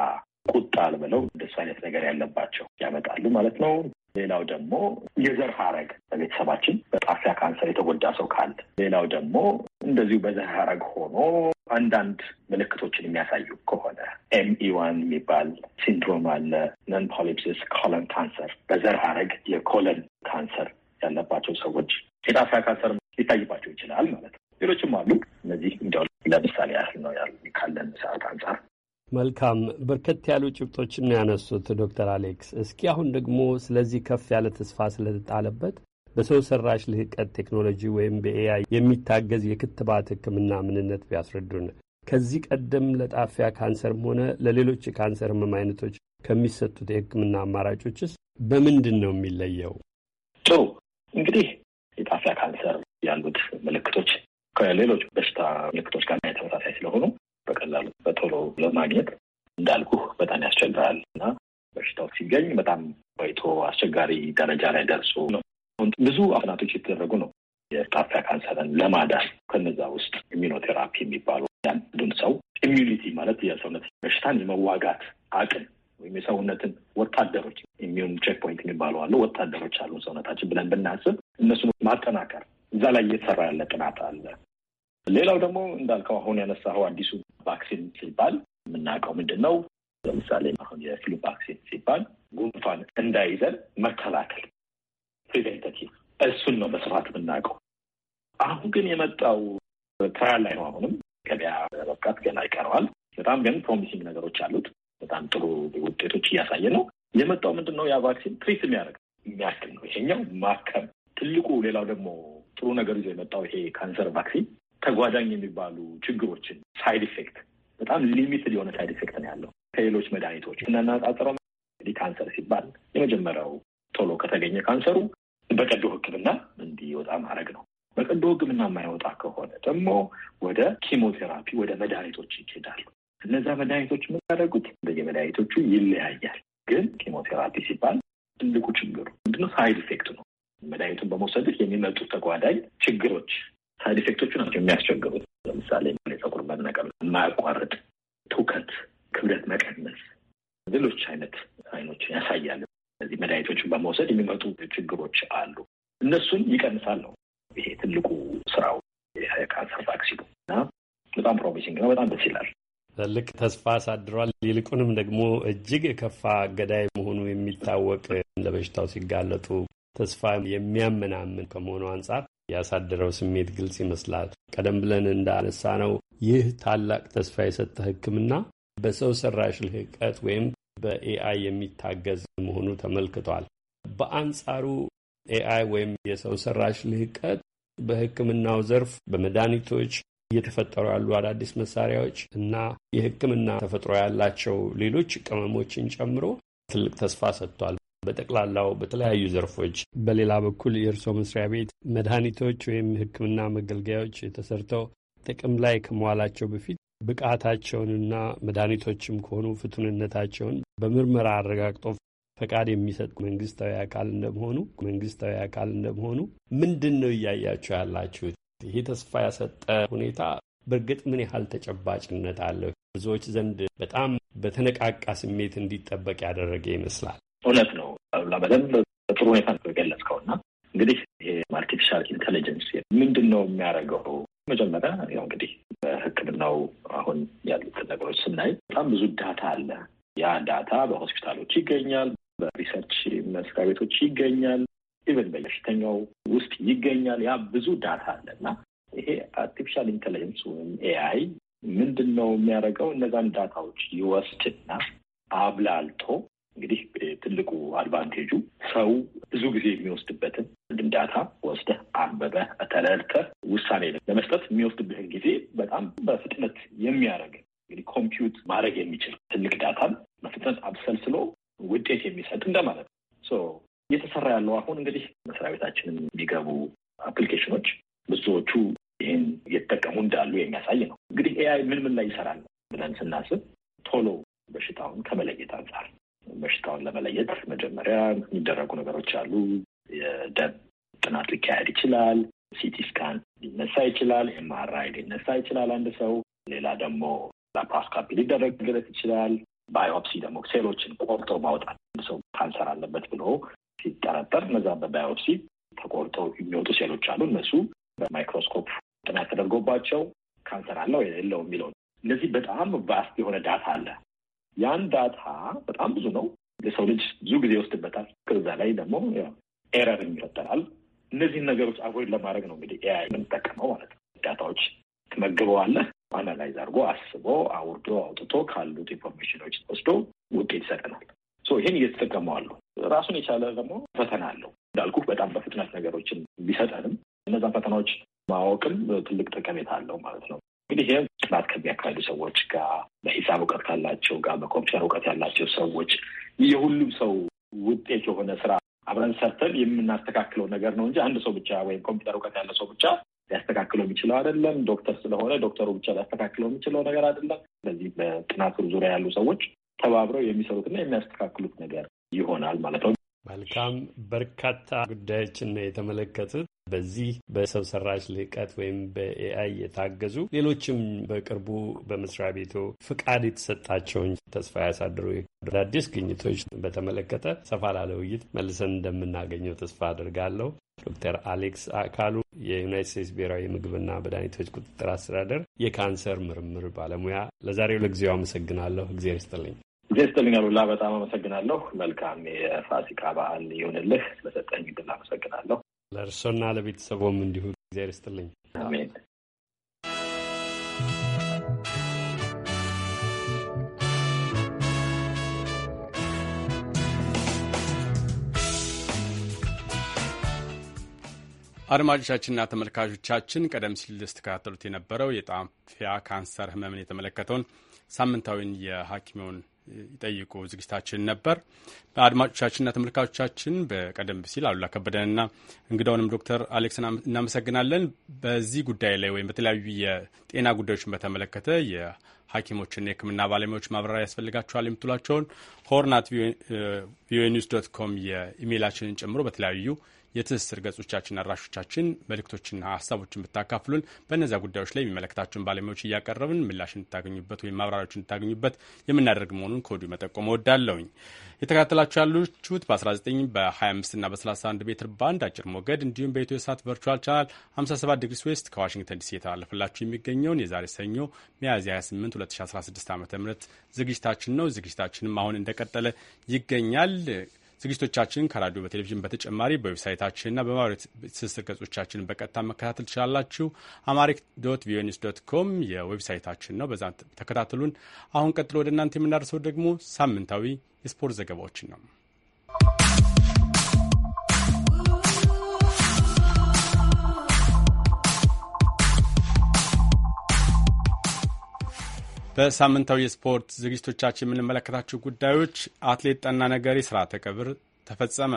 ቁጣ ልበለው እንደሱ አይነት ነገር ያለባቸው ያመጣሉ ማለት ነው። ሌላው ደግሞ የዘር ሀረግ በቤተሰባችን በጣፊያ ካንሰር የተጎዳ ሰው ካለ፣ ሌላው ደግሞ እንደዚሁ በዘር ሀረግ ሆኖ አንዳንድ ምልክቶችን የሚያሳዩ ከሆነ ኤምኢዋን የሚባል ሲንድሮም አለ። ነን ፖሊፕሲስ ኮለን ካንሰር በዘር ሀረግ የኮለን ካንሰር ያለባቸው ሰዎች የጣፊያ ካንሰር ሊታይባቸው ይችላል ማለት ነው። ሌሎችም አሉ። እነዚህ እንዲያው ለምሳሌ ያህል ነው ያሉ ካለን ሰዓት አንጻር መልካም በርከት ያሉ ጭብጦችን ነው ያነሱት ዶክተር አሌክስ። እስኪ አሁን ደግሞ ስለዚህ ከፍ ያለ ተስፋ ስለተጣለበት በሰው ሰራሽ ልህቀት ቴክኖሎጂ ወይም በኤአይ የሚታገዝ የክትባት ህክምና ምንነት ቢያስረዱን። ከዚህ ቀደም ለጣፊያ ካንሰርም ሆነ ለሌሎች የካንሰር ህመም አይነቶች ከሚሰጡት የህክምና አማራጮችስ በምንድን ነው የሚለየው? ጥሩ እንግዲህ የጣፊያ ካንሰር ያሉት ምልክቶች ከሌሎች በሽታ ምልክቶች ጋር ተመሳሳይ ስለሆኑ በቀላሉ በቶሎ ለማግኘት እንዳልኩ በጣም ያስቸግራል እና በሽታው ሲገኝ በጣም ቆይቶ አስቸጋሪ ደረጃ ላይ ደርሶ ነው። ብዙ ጥናቶች የተደረጉ ነው የጣፊያ ካንሰርን ለማዳን ከነዛ ውስጥ ኢሚኖቴራፒ የሚባሉ ያንዱን ሰው ኢሚዩኒቲ ማለት የሰውነት በሽታን የመዋጋት አቅም ወይም የሰውነትን ወታደሮች ኢሚዩን ቼክፖይንት የሚባሉ አሉ። ወታደሮች አሉ ሰውነታችን ብለን ብናስብ እነሱን ማጠናከር እዛ ላይ እየተሰራ ያለ ጥናት አለ። ሌላው ደግሞ እንዳልከው አሁን ያነሳኸው አዲሱ ቫክሲን ሲባል የምናውቀው ምንድን ነው? ለምሳሌ አሁን የፍሉ ቫክሲን ሲባል ጉንፋን እንዳይዘን መከላከል ፕሪቬንቲቭ፣ እሱን ነው በስፋት የምናውቀው። አሁን ግን የመጣው ትራያል ላይ ነው። አሁንም ገበያ መብቃት ገና ይቀረዋል። በጣም ግን ፕሮሚሲንግ ነገሮች አሉት። በጣም ጥሩ ውጤቶች እያሳየ ነው። የመጣው ምንድን ነው? ያ ቫክሲን ትሪት የሚያደርግ የሚያክል ነው ይሄኛው ማከም። ትልቁ ሌላው ደግሞ ጥሩ ነገር ይዞ የመጣው ይሄ ካንሰር ቫክሲን ተጓዳኝ የሚባሉ ችግሮችን ሳይድ ኢፌክት በጣም ሊሚትድ የሆነ ሳይድ ኢፌክት ነው ያለው ከሌሎች መድኃኒቶች እናናጣጥረው። ካንሰር ሲባል የመጀመሪያው ቶሎ ከተገኘ ካንሰሩ በቀዶ ሕክምና እንዲወጣ ማድረግ ነው። በቀዶ ሕክምና የማይወጣ ከሆነ ደግሞ ወደ ኪሞቴራፒ ወደ መድኃኒቶች ይሄዳሉ። እነዛ መድኃኒቶች የምናደርጉት በየመድኃኒቶቹ ይለያያል። ግን ኪሞቴራፒ ሲባል ትልቁ ችግሩ ምንድነው? ሳይድ ኢፌክት ነው። መድኃኒቱን በመውሰድ የሚመጡ ተጓዳኝ ችግሮች ሳይድ ኢፌክቶቹ ናቸው የሚያስቸግሩት። ለምሳሌ የፀጉር መነቀም፣ የማያቋርጥ ትውከት፣ ክብደት መቀነስ፣ ሌሎች አይነት አይኖችን ያሳያል። እነዚህ መድኃኒቶችን በመውሰድ የሚመጡ ችግሮች አሉ። እነሱን ይቀንሳል ነው ይሄ ትልቁ ስራው የካንሰር ቫክሲኑ እና በጣም ፕሮሚሲንግ ነው። በጣም ደስ ይላል። ትልቅ ተስፋ አሳድሯል። ይልቁንም ደግሞ እጅግ የከፋ ገዳይ መሆኑ የሚታወቅ ለበሽታው ሲጋለጡ ተስፋ የሚያመናምን ከመሆኑ አንጻር ያሳደረው ስሜት ግልጽ ይመስላል። ቀደም ብለን እንዳነሳ ነው ይህ ታላቅ ተስፋ የሰጠ ሕክምና በሰው ሰራሽ ልህቀት ወይም በኤአይ የሚታገዝ መሆኑ ተመልክቷል። በአንጻሩ ኤአይ ወይም የሰው ሰራሽ ልህቀት በሕክምናው ዘርፍ በመድኃኒቶች እየተፈጠሩ ያሉ አዳዲስ መሳሪያዎች እና የሕክምና ተፈጥሮ ያላቸው ሌሎች ቅመሞችን ጨምሮ ትልቅ ተስፋ ሰጥቷል። በጠቅላላው በተለያዩ ዘርፎች በሌላ በኩል የእርስዎ መስሪያ ቤት መድኃኒቶች ወይም ሕክምና መገልገያዎች ተሰርተው ጥቅም ላይ ከመዋላቸው በፊት ብቃታቸውንና መድኃኒቶችም ከሆኑ ፍቱንነታቸውን በምርመራ አረጋግጦ ፈቃድ የሚሰጥ መንግስታዊ አካል እንደመሆኑ መንግስታዊ አካል እንደመሆኑ ምንድን ነው እያያችሁ ያላችሁት? ይሄ ተስፋ ያሰጠ ሁኔታ በእርግጥ ምን ያህል ተጨባጭነት አለው? ብዙዎች ዘንድ በጣም በተነቃቃ ስሜት እንዲጠበቅ ያደረገ ይመስላል። እውነት ነው። አሉላ በደንብ በጥሩ ሁኔታ ነው የገለጽከው። እና እንግዲህ ይሄ አርቲፊሻል ኢንቴሊጀንስ ምንድን ነው የሚያደርገው? መጀመሪያ ያው እንግዲህ በሕክምናው አሁን ያሉትን ነገሮች ስናይ በጣም ብዙ ዳታ አለ። ያ ዳታ በሆስፒታሎች ይገኛል፣ በሪሰርች መስሪያ ቤቶች ይገኛል፣ ኢቨን በሽተኛው ውስጥ ይገኛል። ያ ብዙ ዳታ አለ እና ይሄ አርቲፊሻል ኢንቴሊጀንስ ወይም ኤአይ ምንድን ነው የሚያደርገው? እነዛን ዳታዎች ይወስድና አብላልቶ እንግዲህ ትልቁ አድቫንቴጁ ሰው ብዙ ጊዜ የሚወስድበትን ድንዳታ ወስደህ አንበበህ ተረድተህ ውሳኔ ለመስጠት የሚወስድብህን ጊዜ በጣም በፍጥነት የሚያደርግ እንግዲህ ኮምፒውት ማድረግ የሚችል ትልቅ ዳታን በፍጥነት አብሰልስሎ ውጤት የሚሰጥ እንደማለት ነው። እየተሰራ ያለው አሁን እንግዲህ መስሪያ ቤታችንን የሚገቡ አፕሊኬሽኖች ብዙዎቹ ይህን እየተጠቀሙ እንዳሉ የሚያሳይ ነው። እንግዲህ ኤአይ ምን ምን ላይ ይሰራል ብለን ስናስብ ቶሎ በሽታውን ከመለየት አንጻር በሽታውን ለመለየት መጀመሪያ የሚደረጉ ነገሮች አሉ። የደም ጥናት ሊካሄድ ይችላል። ሲቲ ስካን ሊነሳ ይችላል። ኤምአርአይ ሊነሳ ይችላል አንድ ሰው። ሌላ ደግሞ ላፓስካፒ ሊደረግለት ይችላል። ባዮፕሲ ደግሞ ሴሎችን ቆርጦ ማውጣት አንድ ሰው ካንሰር አለበት ብሎ ሲጠረጠር እነዛ በባዮፕሲ ተቆርጠው የሚወጡ ሴሎች አሉ። እነሱ በማይክሮስኮፕ ጥናት ተደርጎባቸው ካንሰር አለው የለው የሚለው እነዚህ በጣም ቫስት የሆነ ዳታ አለ። ያን ዳታ በጣም ብዙ ነው። የሰው ልጅ ብዙ ጊዜ ይወስድበታል። ከዛ ላይ ደግሞ ኤረር ይፈጠራል። እነዚህን ነገሮች አቮይድ ለማድረግ ነው እንግዲህ ኤአይ የምንጠቀመው ማለት ነው። ዳታዎች ትመግበዋለህ። አናላይዝ አድርጎ አስቦ አውርዶ አውጥቶ ካሉት ኢንፎርሜሽኖች ወስዶ ውጤት ይሰጠናል። ይህን እየተጠቀመዋሉ። ራሱን የቻለ ደግሞ ፈተና አለው። እንዳልኩ በጣም በፍጥነት ነገሮችን ቢሰጠንም እነዛን ፈተናዎች ማወቅም ትልቅ ጠቀሜታ አለው ማለት ነው። እንግዲህ ይህም ጥናት ከሚያካሂዱ ሰዎች ጋር፣ በሂሳብ እውቀት ካላቸው ጋር፣ በኮምፒውተር እውቀት ያላቸው ሰዎች የሁሉም ሰው ውጤት የሆነ ስራ አብረን ሰርተን የምናስተካክለው ነገር ነው እንጂ አንድ ሰው ብቻ ወይም ኮምፒውተር እውቀት ያለ ሰው ብቻ ሊያስተካክለው የሚችለው አይደለም። ዶክተር ስለሆነ ዶክተሩ ብቻ ሊያስተካክለው የሚችለው ነገር አይደለም። ስለዚህ በጥናቱ ዙሪያ ያሉ ሰዎች ተባብረው የሚሰሩትና የሚያስተካክሉት ነገር ይሆናል ማለት ነው። መልካም። በርካታ ጉዳዮችን ነው የተመለከቱት። በዚህ በሰው ሰራሽ ልህቀት ወይም በኤአይ የታገዙ ሌሎችም በቅርቡ በመስሪያ ቤቱ ፍቃድ የተሰጣቸውን ተስፋ ያሳድሩ አዳዲስ ግኝቶች በተመለከተ ሰፋ ላለ ውይይት መልሰን እንደምናገኘው ተስፋ አድርጋለሁ። ዶክተር አሌክስ አካሉ የዩናይት ስቴትስ ብሔራዊ ምግብና መድኃኒቶች ቁጥጥር አስተዳደር የካንሰር ምርምር ባለሙያ፣ ለዛሬው ለጊዜው አመሰግናለሁ። እግዜር ይስጥልኝ። እግዜር ይስጥልኝ አሉላ። በጣም አመሰግናለሁ። መልካም የፋሲካ በዓል ይሁንልህ። ስለሰጠኝ ዕድል አመሰግናለሁ። ለእርሶና ለቤተሰቦም እንዲሁ እግዚአብሔር ይስጥልኝ። አድማጮቻችንና ተመልካቾቻችን ቀደም ሲል ስትከታተሉት የነበረው የጣፊያ ካንሰር ህመምን የተመለከተውን ሳምንታዊን የሐኪሜውን ይጠይቁ ዝግጅታችን ነበር። አድማጮቻችንና ተመልካቾቻችን በቀደም ሲል አሉላ ከበደንና እንግዳውንም ዶክተር አሌክስን እናመሰግናለን። በዚህ ጉዳይ ላይ ወይም በተለያዩ የጤና ጉዳዮችን በተመለከተ የሐኪሞችና የሕክምና ባለሙያዎች ማብራሪያ ያስፈልጋቸዋል የምትሏቸውን ሆርን አት ቪኦኤ ኒውስ ዶት ኮም የኢሜይላችንን ጨምሮ በተለያዩ የትስስር ገጾቻችን አድራሾቻችን መልእክቶችና ሀሳቦችን ብታካፍሉን በእነዚያ ጉዳዮች ላይ የሚመለከታቸውን ባለሙያዎች እያቀረብን ምላሽ እንድታገኙበት ወይም ማብራሪያዎች እንድታገኙበት የምናደርግ መሆኑን ከወዲሁ መጠቆም እወዳለሁኝ። የተከታተላችሁ ያላችሁት በ19 በ25 እና በ31 ሜትር ባንድ አጭር ሞገድ እንዲሁም በኢትዮ ሳት ቨርቹዋል ቻናል 57 ዲግሪ ስዌስት ከዋሽንግተን ዲሲ የተላለፈላችሁ የሚገኘውን የዛሬ ሰኞ ሚያዝያ 28 2016 ዓ ም ዝግጅታችን ነው። ዝግጅታችንም አሁን እንደቀጠለ ይገኛል። ዝግጅቶቻችንን ከራዲዮ በቴሌቪዥን በተጨማሪ በዌብሳይታችንና በማህበራዊ ትስስር ገጾቻችን በቀጥታ መከታተል ትችላላችሁ። አማሪክ ዶት ቪኦኤ ኒውስ ዶት ኮም የዌብሳይታችን ነው። በዛ ተከታተሉን። አሁን ቀጥሎ ወደ እናንተ የምናደርሰው ደግሞ ሳምንታዊ የስፖርት ዘገባዎችን ነው። በሳምንታዊ የስፖርት ዝግጅቶቻችን የምንመለከታቸው ጉዳዮች አትሌት ጠና ነገር ስርዓተ ቀብር ተፈጸመ።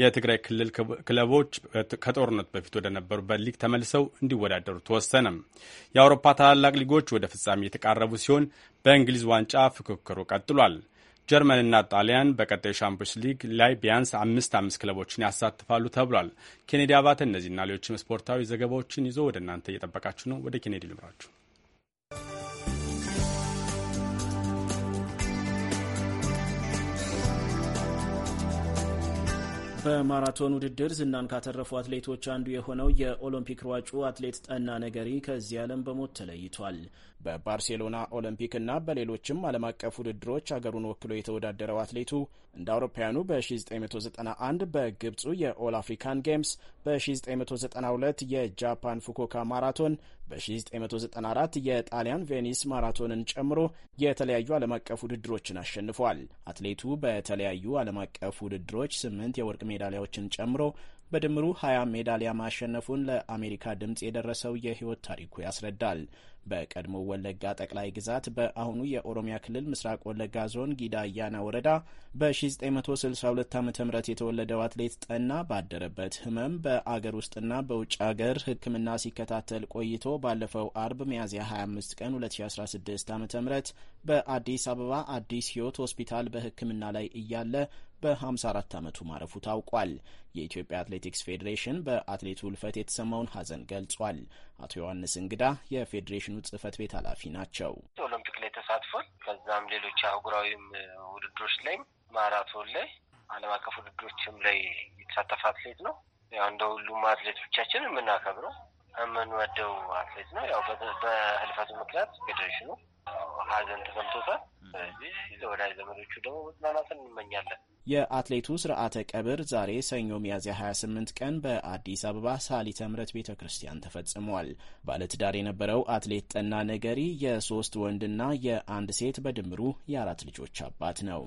የትግራይ ክልል ክለቦች ከጦርነቱ በፊት ወደ ሊግ ተመልሰው እንዲወዳደሩ ተወሰነ። የአውሮፓ ታላላቅ ሊጎች ወደ ፍጻሜ የተቃረቡ ሲሆን በእንግሊዝ ዋንጫ ፍክክሩ ቀጥሏል። ጀርመንና ጣሊያን በቀጣዩ ሻምፒዮንስ ሊግ ላይ ቢያንስ አምስት አምስት ክለቦችን ያሳትፋሉ ተብሏል። ኬኔዲ አባተ እነዚህና ሌሎችም ስፖርታዊ ዘገባዎችን ይዞ ወደ እናንተ እየጠበቃችሁ ነው። ወደ ኬኔዲ ልምራችሁ። በማራቶን ውድድር ዝናን ካተረፉ አትሌቶች አንዱ የሆነው የኦሎምፒክ ሯጩ አትሌት ጠና ነገሪ ከዚህ ዓለም በሞት ተለይቷል። በባርሴሎና ኦሎምፒክ እና በሌሎችም ዓለም አቀፍ ውድድሮች ሀገሩን ወክሎ የተወዳደረው አትሌቱ እንደ አውሮፓውያኑ በ1991 በግብፁ የኦል አፍሪካን ጌምስ፣ በ1992 የጃፓን ፉኮካ ማራቶን፣ በ1994 የጣሊያን ቬኒስ ማራቶንን ጨምሮ የተለያዩ ዓለም አቀፍ ውድድሮችን አሸንፏል። አትሌቱ በተለያዩ ዓለም አቀፍ ውድድሮች ስምንት የወርቅ ሜዳሊያዎችን ጨምሮ በድምሩ 20 ሜዳሊያ ማሸነፉን ለአሜሪካ ድምፅ የደረሰው የህይወት ታሪኩ ያስረዳል። በቀድሞ ወለጋ ጠቅላይ ግዛት በአሁኑ የኦሮሚያ ክልል ምስራቅ ወለጋ ዞን ጊዳ አያና ወረዳ በ1962 ዓ ም የተወለደው አትሌት ጠና ባደረበት ህመም በአገር ውስጥና በውጭ አገር ሕክምና ሲከታተል ቆይቶ ባለፈው አርብ ሚያዝያ 25 ቀን 2016 ዓ ም በአዲስ አበባ አዲስ ህይወት ሆስፒታል በሕክምና ላይ እያለ በ54 ዓመቱ ማረፉ ታውቋል። የኢትዮጵያ አትሌቲክስ ፌዴሬሽን በአትሌቱ ህልፈት የተሰማውን ሐዘን ገልጿል። አቶ ዮሐንስ እንግዳ የፌዴሬሽኑ ጽህፈት ቤት ኃላፊ ናቸው። ኦሎምፒክ ላይ ተሳትፎን ከዛም ሌሎች አህጉራዊም ውድድሮች ላይም ማራቶን ላይ ዓለም አቀፍ ውድድሮችም ላይ የተሳተፈ አትሌት ነው። ያው እንደ ሁሉም አትሌቶቻችን የምናከብረው የምንወደው አትሌት ነው። ያው በህልፈቱ ምክንያት ፌዴሬሽኑ ሀዘን ተሰምቶታል። ስለዚህ ለወዳጅ ዘመዶቹ ደግሞ መጽናናትን እንመኛለን። የአትሌቱ ስርዓተ ቀብር ዛሬ ሰኞ ሚያዝያ 28 ቀን በአዲስ አበባ ሳሊተ ምሕረት ቤተ ክርስቲያን ተፈጽሟል። ባለትዳር የነበረው አትሌት ጠና ነገሪ የሶስት ወንድና የአንድ ሴት በድምሩ የአራት ልጆች አባት ነው።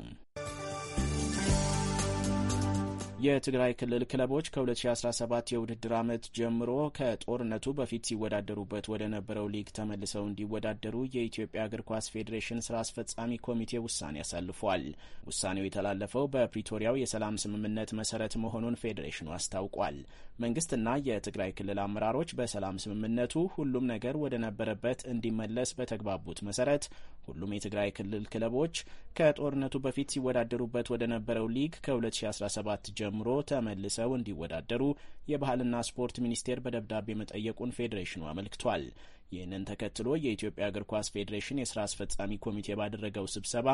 የትግራይ ክልል ክለቦች ከ2017 የውድድር ዓመት ጀምሮ ከጦርነቱ በፊት ሲወዳደሩበት ወደ ነበረው ሊግ ተመልሰው እንዲወዳደሩ የኢትዮጵያ እግር ኳስ ፌዴሬሽን ስራ አስፈጻሚ ኮሚቴ ውሳኔ አሳልፏል። ውሳኔው የተላለፈው በፕሪቶሪያው የሰላም ስምምነት መሰረት መሆኑን ፌዴሬሽኑ አስታውቋል። መንግስትና የትግራይ ክልል አመራሮች በሰላም ስምምነቱ ሁሉም ነገር ወደ ነበረበት እንዲመለስ በተግባቡት መሰረት ሁሉም የትግራይ ክልል ክለቦች ከጦርነቱ በፊት ሲወዳደሩበት ወደ ነበረው ሊግ ከ2017 ጀምሮ ተመልሰው እንዲወዳደሩ የባህልና ስፖርት ሚኒስቴር በደብዳቤ መጠየቁን ፌዴሬሽኑ አመልክቷል። ይህንን ተከትሎ የኢትዮጵያ እግር ኳስ ፌዴሬሽን የስራ አስፈጻሚ ኮሚቴ ባደረገው ስብሰባ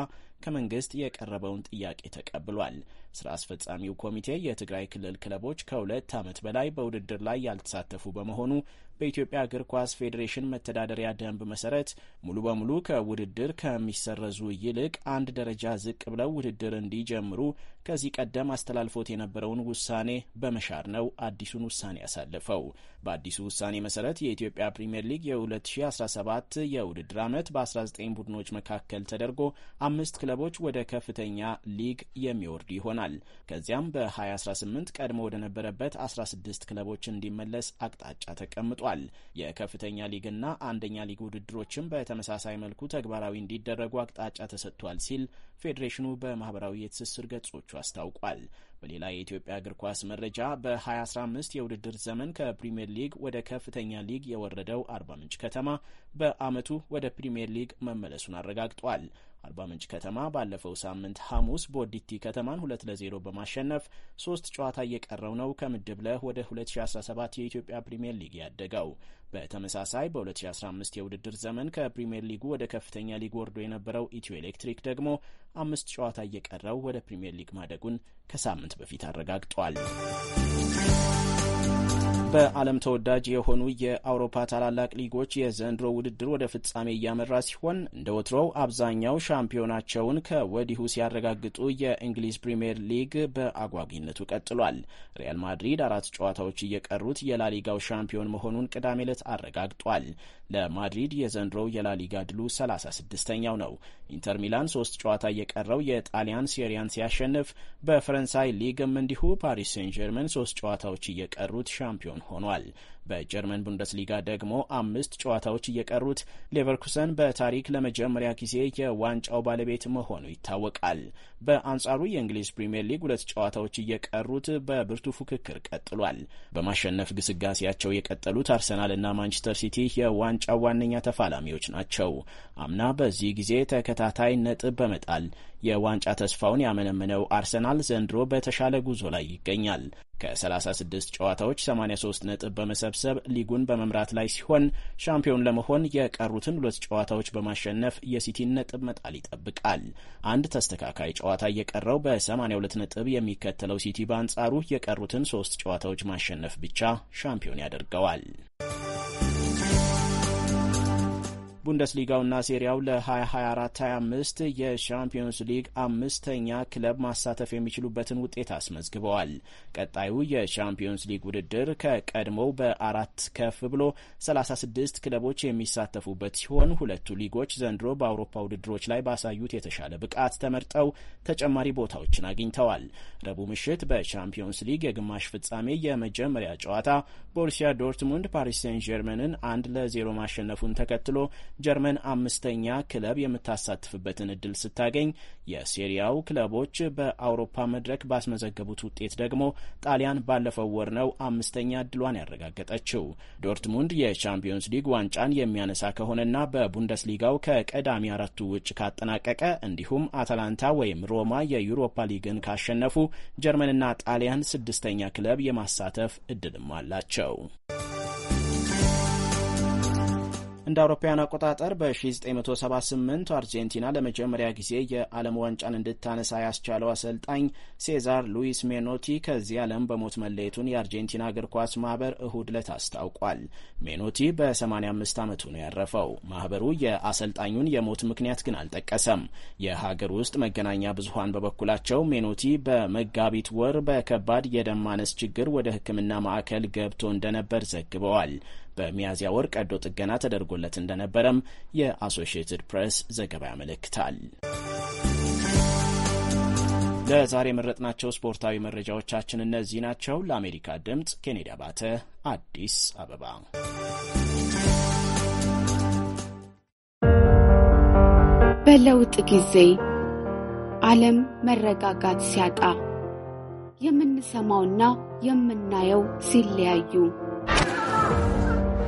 ከመንግስት የቀረበውን ጥያቄ ተቀብሏል። ስራ አስፈጻሚው ኮሚቴ የትግራይ ክልል ክለቦች ከሁለት ዓመት በላይ በውድድር ላይ ያልተሳተፉ በመሆኑ በኢትዮጵያ እግር ኳስ ፌዴሬሽን መተዳደሪያ ደንብ መሰረት ሙሉ በሙሉ ከውድድር ከሚሰረዙ ይልቅ አንድ ደረጃ ዝቅ ብለው ውድድር እንዲጀምሩ ከዚህ ቀደም አስተላልፎት የነበረውን ውሳኔ በመሻር ነው አዲሱን ውሳኔ ያሳለፈው። በአዲሱ ውሳኔ መሰረት የኢትዮጵያ ፕሪምየር ሊግ የ2017 የውድድር ዓመት በ19 ቡድኖች መካከል ተደርጎ አምስት ክለቦች ወደ ከፍተኛ ሊግ የሚወርዱ ይሆናል። ከዚያም በ2018 ቀድሞ ወደነበረበት 16 ክለቦች እንዲመለስ አቅጣጫ ተቀምጧል። አስታውቋል። የከፍተኛ ሊግና አንደኛ ሊግ ውድድሮችም በተመሳሳይ መልኩ ተግባራዊ እንዲደረጉ አቅጣጫ ተሰጥቷል ሲል ፌዴሬሽኑ በማህበራዊ የትስስር ገጾቹ አስታውቋል። በሌላ የኢትዮጵያ እግር ኳስ መረጃ በ2015 የውድድር ዘመን ከፕሪምየር ሊግ ወደ ከፍተኛ ሊግ የወረደው አርባ ምንጭ ከተማ በአመቱ ወደ ፕሪምየር ሊግ መመለሱን አረጋግጧል። አርባ ምንጭ ከተማ ባለፈው ሳምንት ሐሙስ ቦዲቲ ከተማን ሁለት ለዜሮ በማሸነፍ ሶስት ጨዋታ እየቀረው ነው ከምድብ ወደ 2017 የኢትዮጵያ ፕሪምየር ሊግ ያደገው። በተመሳሳይ በ2015 የውድድር ዘመን ከፕሪምየር ሊጉ ወደ ከፍተኛ ሊግ ወርዶ የነበረው ኢትዮ ኤሌክትሪክ ደግሞ አምስት ጨዋታ እየቀረው ወደ ፕሪምየር ሊግ ማደጉን ከሳምንት በፊት አረጋግጧል። በዓለም ተወዳጅ የሆኑ የአውሮፓ ታላላቅ ሊጎች የዘንድሮ ውድድር ወደ ፍጻሜ እያመራ ሲሆን እንደ ወትሮው አብዛኛው ሻምፒዮናቸውን ከወዲሁ ሲያረጋግጡ የእንግሊዝ ፕሪምየር ሊግ በአጓጊነቱ ቀጥሏል። ሪያል ማድሪድ አራት ጨዋታዎች እየቀሩት የላሊጋው ሻምፒዮን መሆኑን ቅዳሜ ዕለት አረጋግጧል። ለማድሪድ የዘንድሮው የላሊጋ ድሉ 36ኛው ነው። ኢንተር ሚላን ሶስት ጨዋታ እየቀረው የጣሊያን ሴሪያን ሲያሸንፍ፣ በፈረንሳይ ሊግም እንዲሁ ፓሪስ ሴን ጀርመን ሶስት ጨዋታዎች እየቀሩት ሻምፒዮን እውን ሆኗል። በጀርመን ቡንደስሊጋ ደግሞ አምስት ጨዋታዎች እየቀሩት ሌቨርኩሰን በታሪክ ለመጀመሪያ ጊዜ የዋንጫው ባለቤት መሆኑ ይታወቃል። በአንጻሩ የእንግሊዝ ፕሪምየር ሊግ ሁለት ጨዋታዎች እየቀሩት በብርቱ ፉክክር ቀጥሏል። በማሸነፍ ግስጋሴያቸው የቀጠሉት አርሰናልና ማንቸስተር ሲቲ የዋንጫው ዋነኛ ተፋላሚዎች ናቸው። አምና በዚህ ጊዜ ተከታታይ ነጥብ በመጣል የዋንጫ ተስፋውን ያመነመነው አርሰናል ዘንድሮ በተሻለ ጉዞ ላይ ይገኛል። ከ36 ጨዋታዎች 83 ነጥብ በመሰብሰብ ሊጉን በመምራት ላይ ሲሆን ሻምፒዮን ለመሆን የቀሩትን ሁለት ጨዋታዎች በማሸነፍ የሲቲን ነጥብ መጣል ይጠብቃል። አንድ ተስተካካይ ጨዋታ እየቀረው በ82 ነጥብ የሚከተለው ሲቲ በአንጻሩ የቀሩትን ሶስት ጨዋታዎች ማሸነፍ ብቻ ሻምፒዮን ያደርገዋል። ቡንደስሊጋውና ሴሪያው ለ2024/25 የሻምፒዮንስ ሊግ አምስተኛ ክለብ ማሳተፍ የሚችሉበትን ውጤት አስመዝግበዋል። ቀጣዩ የሻምፒዮንስ ሊግ ውድድር ከቀድሞው በአራት ከፍ ብሎ 36 ክለቦች የሚሳተፉበት ሲሆን ሁለቱ ሊጎች ዘንድሮ በአውሮፓ ውድድሮች ላይ ባሳዩት የተሻለ ብቃት ተመርጠው ተጨማሪ ቦታዎችን አግኝተዋል። ረቡዕ ምሽት በሻምፒዮንስ ሊግ የግማሽ ፍጻሜ የመጀመሪያ ጨዋታ ቦሩሲያ ዶርትሙንድ ፓሪስ ሴን ጀርመንን አንድ ለዜሮ ማሸነፉን ተከትሎ ጀርመን አምስተኛ ክለብ የምታሳትፍበትን እድል ስታገኝ የሴሪያው ክለቦች በአውሮፓ መድረክ ባስመዘገቡት ውጤት ደግሞ ጣሊያን ባለፈው ወር ነው አምስተኛ እድሏን ያረጋገጠችው። ዶርትሙንድ የቻምፒዮንስ ሊግ ዋንጫን የሚያነሳ ከሆነና በቡንደስሊጋው ከቀዳሚ አራቱ ውጭ ካጠናቀቀ እንዲሁም አታላንታ ወይም ሮማ የዩሮፓ ሊግን ካሸነፉ ጀርመንና ጣሊያን ስድስተኛ ክለብ የማሳተፍ እድልም አላቸው። እንደ አውሮፓውያን አቆጣጠር በ1978 አርጀንቲና ለመጀመሪያ ጊዜ የዓለም ዋንጫን እንድታነሳ ያስቻለው አሰልጣኝ ሴዛር ሉዊስ ሜኖቲ ከዚህ ዓለም በሞት መለየቱን የአርጀንቲና እግር ኳስ ማህበር እሁድ ዕለት አስታውቋል። ሜኖቲ በ85 ዓመቱ ነው ያረፈው። ማህበሩ የአሰልጣኙን የሞት ምክንያት ግን አልጠቀሰም። የሀገር ውስጥ መገናኛ ብዙሀን በበኩላቸው ሜኖቲ በመጋቢት ወር በከባድ የደም ማነስ ችግር ወደ ሕክምና ማዕከል ገብቶ እንደነበር ዘግበዋል። በሚያዝያ ወር ቀዶ ጥገና ተደርጎለት እንደነበረም የአሶሺየትድ ፕሬስ ዘገባ ያመለክታል። ለዛሬ የመረጥናቸው ስፖርታዊ መረጃዎቻችን እነዚህ ናቸው። ለአሜሪካ ድምፅ ኬኔዲ አባተ፣ አዲስ አበባ። በለውጥ ጊዜ ዓለም መረጋጋት ሲያጣ የምንሰማውና የምናየው ሲለያዩ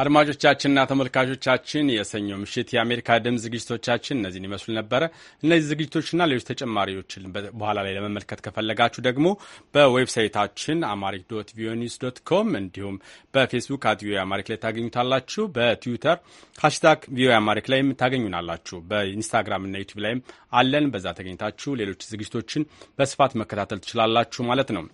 አድማጮቻችንና ተመልካቾቻችን የሰኞ ምሽት የአሜሪካ ድምፅ ዝግጅቶቻችን እነዚህን ይመስሉ ነበረ። እነዚህ ዝግጅቶችና ሌሎች ተጨማሪዎችን በኋላ ላይ ለመመልከት ከፈለጋችሁ ደግሞ በዌብሳይታችን አማሪክ ዶት ቪኦኤ ኒውስ ዶት ኮም እንዲሁም በፌስቡክ አት ቪኦኤ አማሪክ ላይ ታገኙታላችሁ። በትዊተር ሃሽታግ ቪኦኤ አማሪክ ላይ የምታገኙናላችሁ። በኢንስታግራም እና ዩቲዩብ ላይም አለን። በዛ ተገኝታችሁ ሌሎች ዝግጅቶችን በስፋት መከታተል ትችላላችሁ ማለት ነው።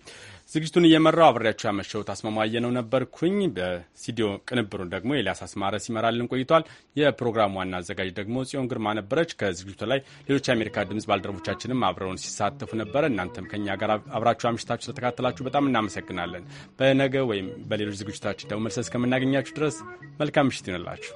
ዝግጅቱን እየመራው አብሬያቸው ያመሸው አስማማየ ነው ነበርኩኝ። በሲዲዮ ቅንብሩን ደግሞ ኤልያስ አስማረ ሲመራልን ቆይቷል። የፕሮግራሙ ዋና አዘጋጅ ደግሞ ጽዮን ግርማ ነበረች። ከዝግጅቱ ላይ ሌሎች የአሜሪካ ድምፅ ባልደረቦቻችንም አብረውን ሲሳተፉ ነበረ። እናንተም ከኛ ጋር አብራችሁ አምሽታችሁ ስለተካተላችሁ በጣም እናመሰግናለን። በነገ ወይም በሌሎች ዝግጅታችን ደግሞ መልሰ እስከምናገኛችሁ ድረስ መልካም ምሽት ይሆንላችሁ።